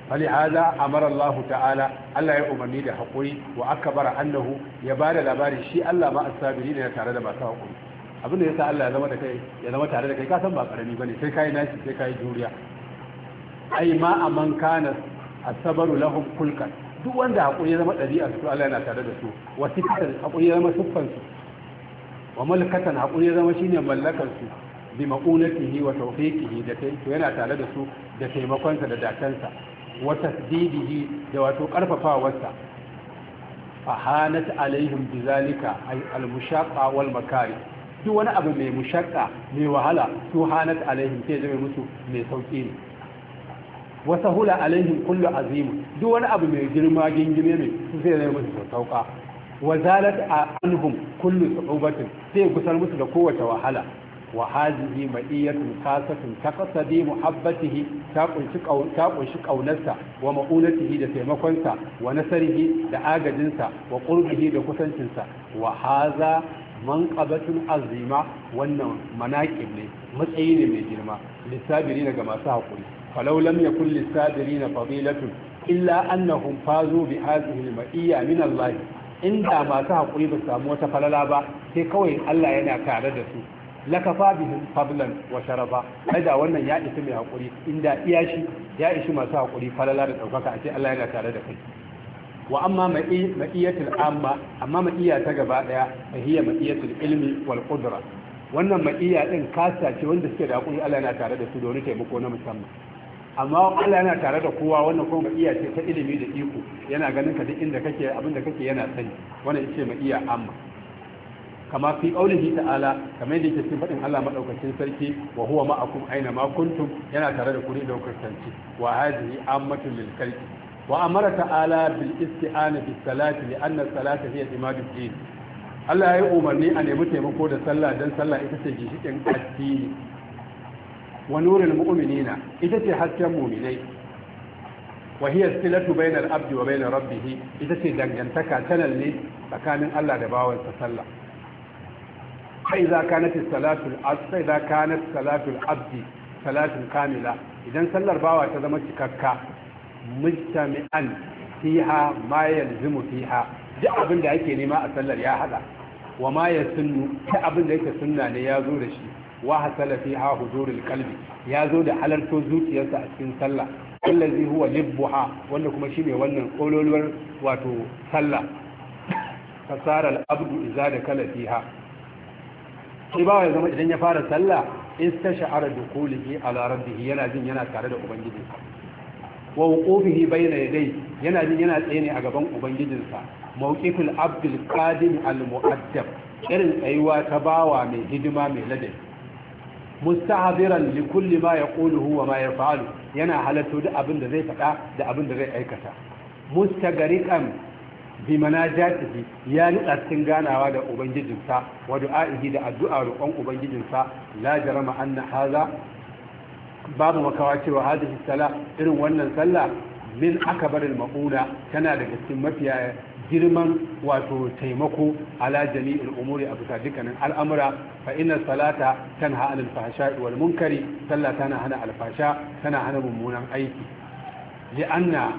فلهذا da الله wa الله يؤمني ده ya وأكبر labari, shi Allah شيء الله ما tare da masu ساقوي abin da ya sa Allah ya zama da kai ya zama tare da kai ka san ba karami bane sai kai nashi sai kai juriya ai ma a man kana asabaru lahum kulkan duk wanda hakuri ya zama a su Allah yana tare da su Wasu sifatan hakuri ya zama siffan su wa malakatan hakuri ya zama shine mallakar su bi maqulatihi wa tawfiqihi da kai to yana tare da su da taimakonsa da dakansa wa tasdidihi da wato karfafawarsa fahanat alaihim bizalika ay al-mushaqqa wal makari duk wani abu mai mushaqqa mai wahala su hanat alaihim sai zama musu mai sauki ne wasa hula alaihim kullu azimu duk wani abu mai girma gingine ne su sai zai musu sauka wa zalat anhum kullu su'ubatin sai gusar musu da kowace wahala wa hazihi ma'iyatun kasatun taqsadi muhabbatihi ta kunshi ta kunshi kaunarsa wa ma'unatihi da taimakonsa wa nasarihi da agajinsa wa qurbihi da kusancinsa wa haza manqabatun azima wannan manaqib ne matsayi ne mai girma lissabiri daga masu hakuri falau lam yakun lisadirina fadilatun illa annahum fazu bi hadhihi al-ma'iyya min Allah inda masu haƙuri ba samu wata falala ba sai kawai Allah yana tare da su lakafa bihim fadlan wa sharafa ai da wannan ya isi mai haƙuri inda iya shi ya ishi masu haƙuri falala da ɗaukaka a ce Allah yana tare da kai wa amma amma amma ta ilmi wal wannan ma'iya ɗin kasa ce wanda suke da haƙuri Allah yana tare da su domin taimako na musamman amma Allah yana tare da kowa wannan kuma iya ce ta ilimi da iko yana ganin ka duk inda kake abin da kake yana sani wannan yace ma iya amma kama fi qaulihi ta'ala kama yadda yake cikin fadin Allah madaukakin sarki wa huwa ma'akum aina ma kuntum yana tare da ku ne da kusanci wa hadhihi ammatul lil wa amara ta'ala bil isti'ana bis salati li anna salata hiya imadu din Allah ya yi umarni a nemi taimako da sallah dan sallah ita ce gishikin addini wa nurul mu'minina ita ce hasken mu'minai wa hiya silatu bainal abdi wa bainar rabbih ita ce dangantaka ta lalle tsakanin Allah da bawansa sallah fa idza kanat salatu al-asr idza kanat salatu abdi salatu kamila idan sallar bawa ta zama cikakka mujtami'an fiha ma yalzimu fiha duk abin da ake nema a sallar ya hada wa ma yasunnu ta abin da yake sunna ne ya zo da shi wa hasala fiha huzurul qalbi ya zo da halarto zuciyarsa a cikin sallah allazi huwa libbuha wanda kuma shine wannan kololuwar wato sallah fasara al-abdu idza kala fiha sai bawa ya zama idan ya fara sallah istashara dukulihi ala rabbihi yana jin yana tare da ubangijinsa wa wuqufihi bayna yadayhi yana jin yana tsaye ne a gaban ubangijinsa mawqiful abdul qadim al mu'addab irin tsayuwa ta bawa mai hidima mai ladabi mustahadiran li kulli ma yaquluhu wa ma yaf'alu yana halatto duk abin da zai faɗa da abin da zai aikata mustagariqan bi manajatihi ya nutsa cikin ganawa da ubangijinsa wa du'a'ihi da addu'a roƙon ubangijinsa la jarama anna haza babu makawa cewa hadhihi sala irin wannan sallah min akabaril maula tana daga cikin mafiya girman wato taimako ala Jami'in umuri a bisa dukkanin al'amura fa inna salata tanha anil fahsha'i wal munkari sallah tana hana alfasha tana hana mummunan aiki li anna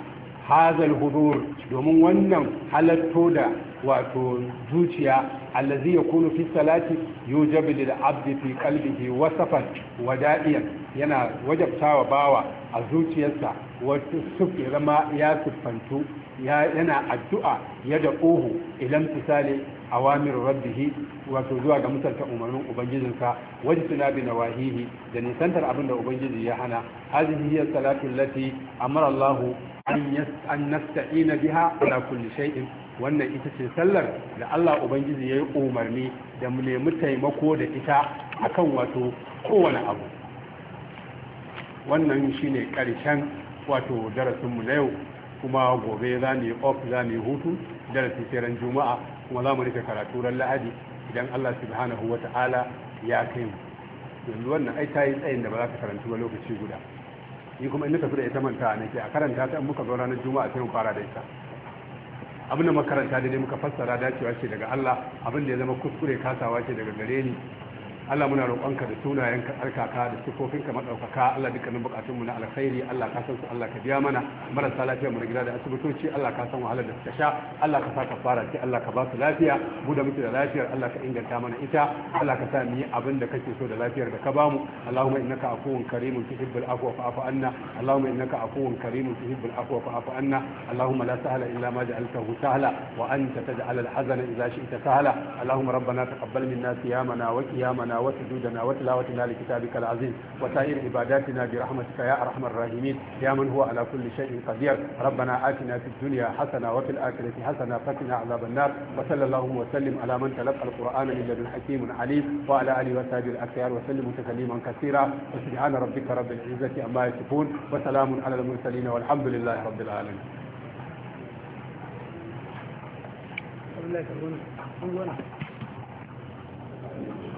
hazal hudur domin wannan halatto da wato zuciya allazi yakunu fi salati yujabu lil abdi fi qalbihi wasafan wada'iyan yana wajabtawa bawa a zuciyarsa wasu sufi zama ya siffantu yana addu'a ya da ƙohu ilan a wamin rabbihi wato zuwa ga misalta umarnin ubangijinsa wajen suna bi wahihi da nisantar abin da ubangiji ya hana hajji hiya salatu lati amara Allahu an na biha ala kulli shay'in wannan ita ce sallar da Allah ubangiji ya yi umarni da mu nemi taimako da ita a kan wato kowane abu wannan shine karshen wato darasinmu na yau kuma gobe za mu yi off za mu yi hutu darasin tseren juma'a kuma za mu rike karatu ran lahadi idan allah subhanahu wa ta'ala ya kai mu yanzu wannan ai ta yi tsayin da ba za ka karantu ba lokaci guda ni kuma in nuka fi da ita manta a nake a karanta ta in muka zo ranar juma'a sai mu fara da ita abin da makaranta da ne muka fassara dacewa ce daga Allah abin da ya zama kuskure kasawa ce daga gare ni Allah muna roƙonka da sunayenka tsarkaka da sifofinka maɗaukaka. Allah dukkanin mu na alkhairi Allah ka san su Allah ka biya mana marasa lafiya mu gida da asibitoci Allah ka san wahalar da suka sha Allah ka sa ka fara ki Allah ka ba su lafiya mu da muke da lafiyar Allah ka inganta mana ita Allah ka sa mu yi abin da kake so da lafiyar da ka bamu Allahumma innaka afuwun karimun tuhibbul afwa fa'fu anna Allahumma innaka afuwun karimun tuhibbul afwa fa'fu anna Allahumma la sahla illa ma ja'altahu sahla wa anta taj'al al-hazana idha shi'ta sahla Allahumma rabbana taqabbal minna siyamana wa qiyamana ركوعنا وسجودنا وتلاوتنا لكتابك العزيز وسائر عباداتنا برحمتك يا أرحم الراحمين يا من هو على كل شيء قدير ربنا آتنا في الدنيا حسنة وفي الآخرة حسنة فقنا عذاب النار وصلى اللهم وسلم على من تلقى القرآن من لدن حكيم عليم وعلى آله وصحبه الأخيار وسلم تسليما كثيرا وسبحان ربك رب العزة عما يصفون وسلام على المرسلين والحمد لله رب العالمين Thank you.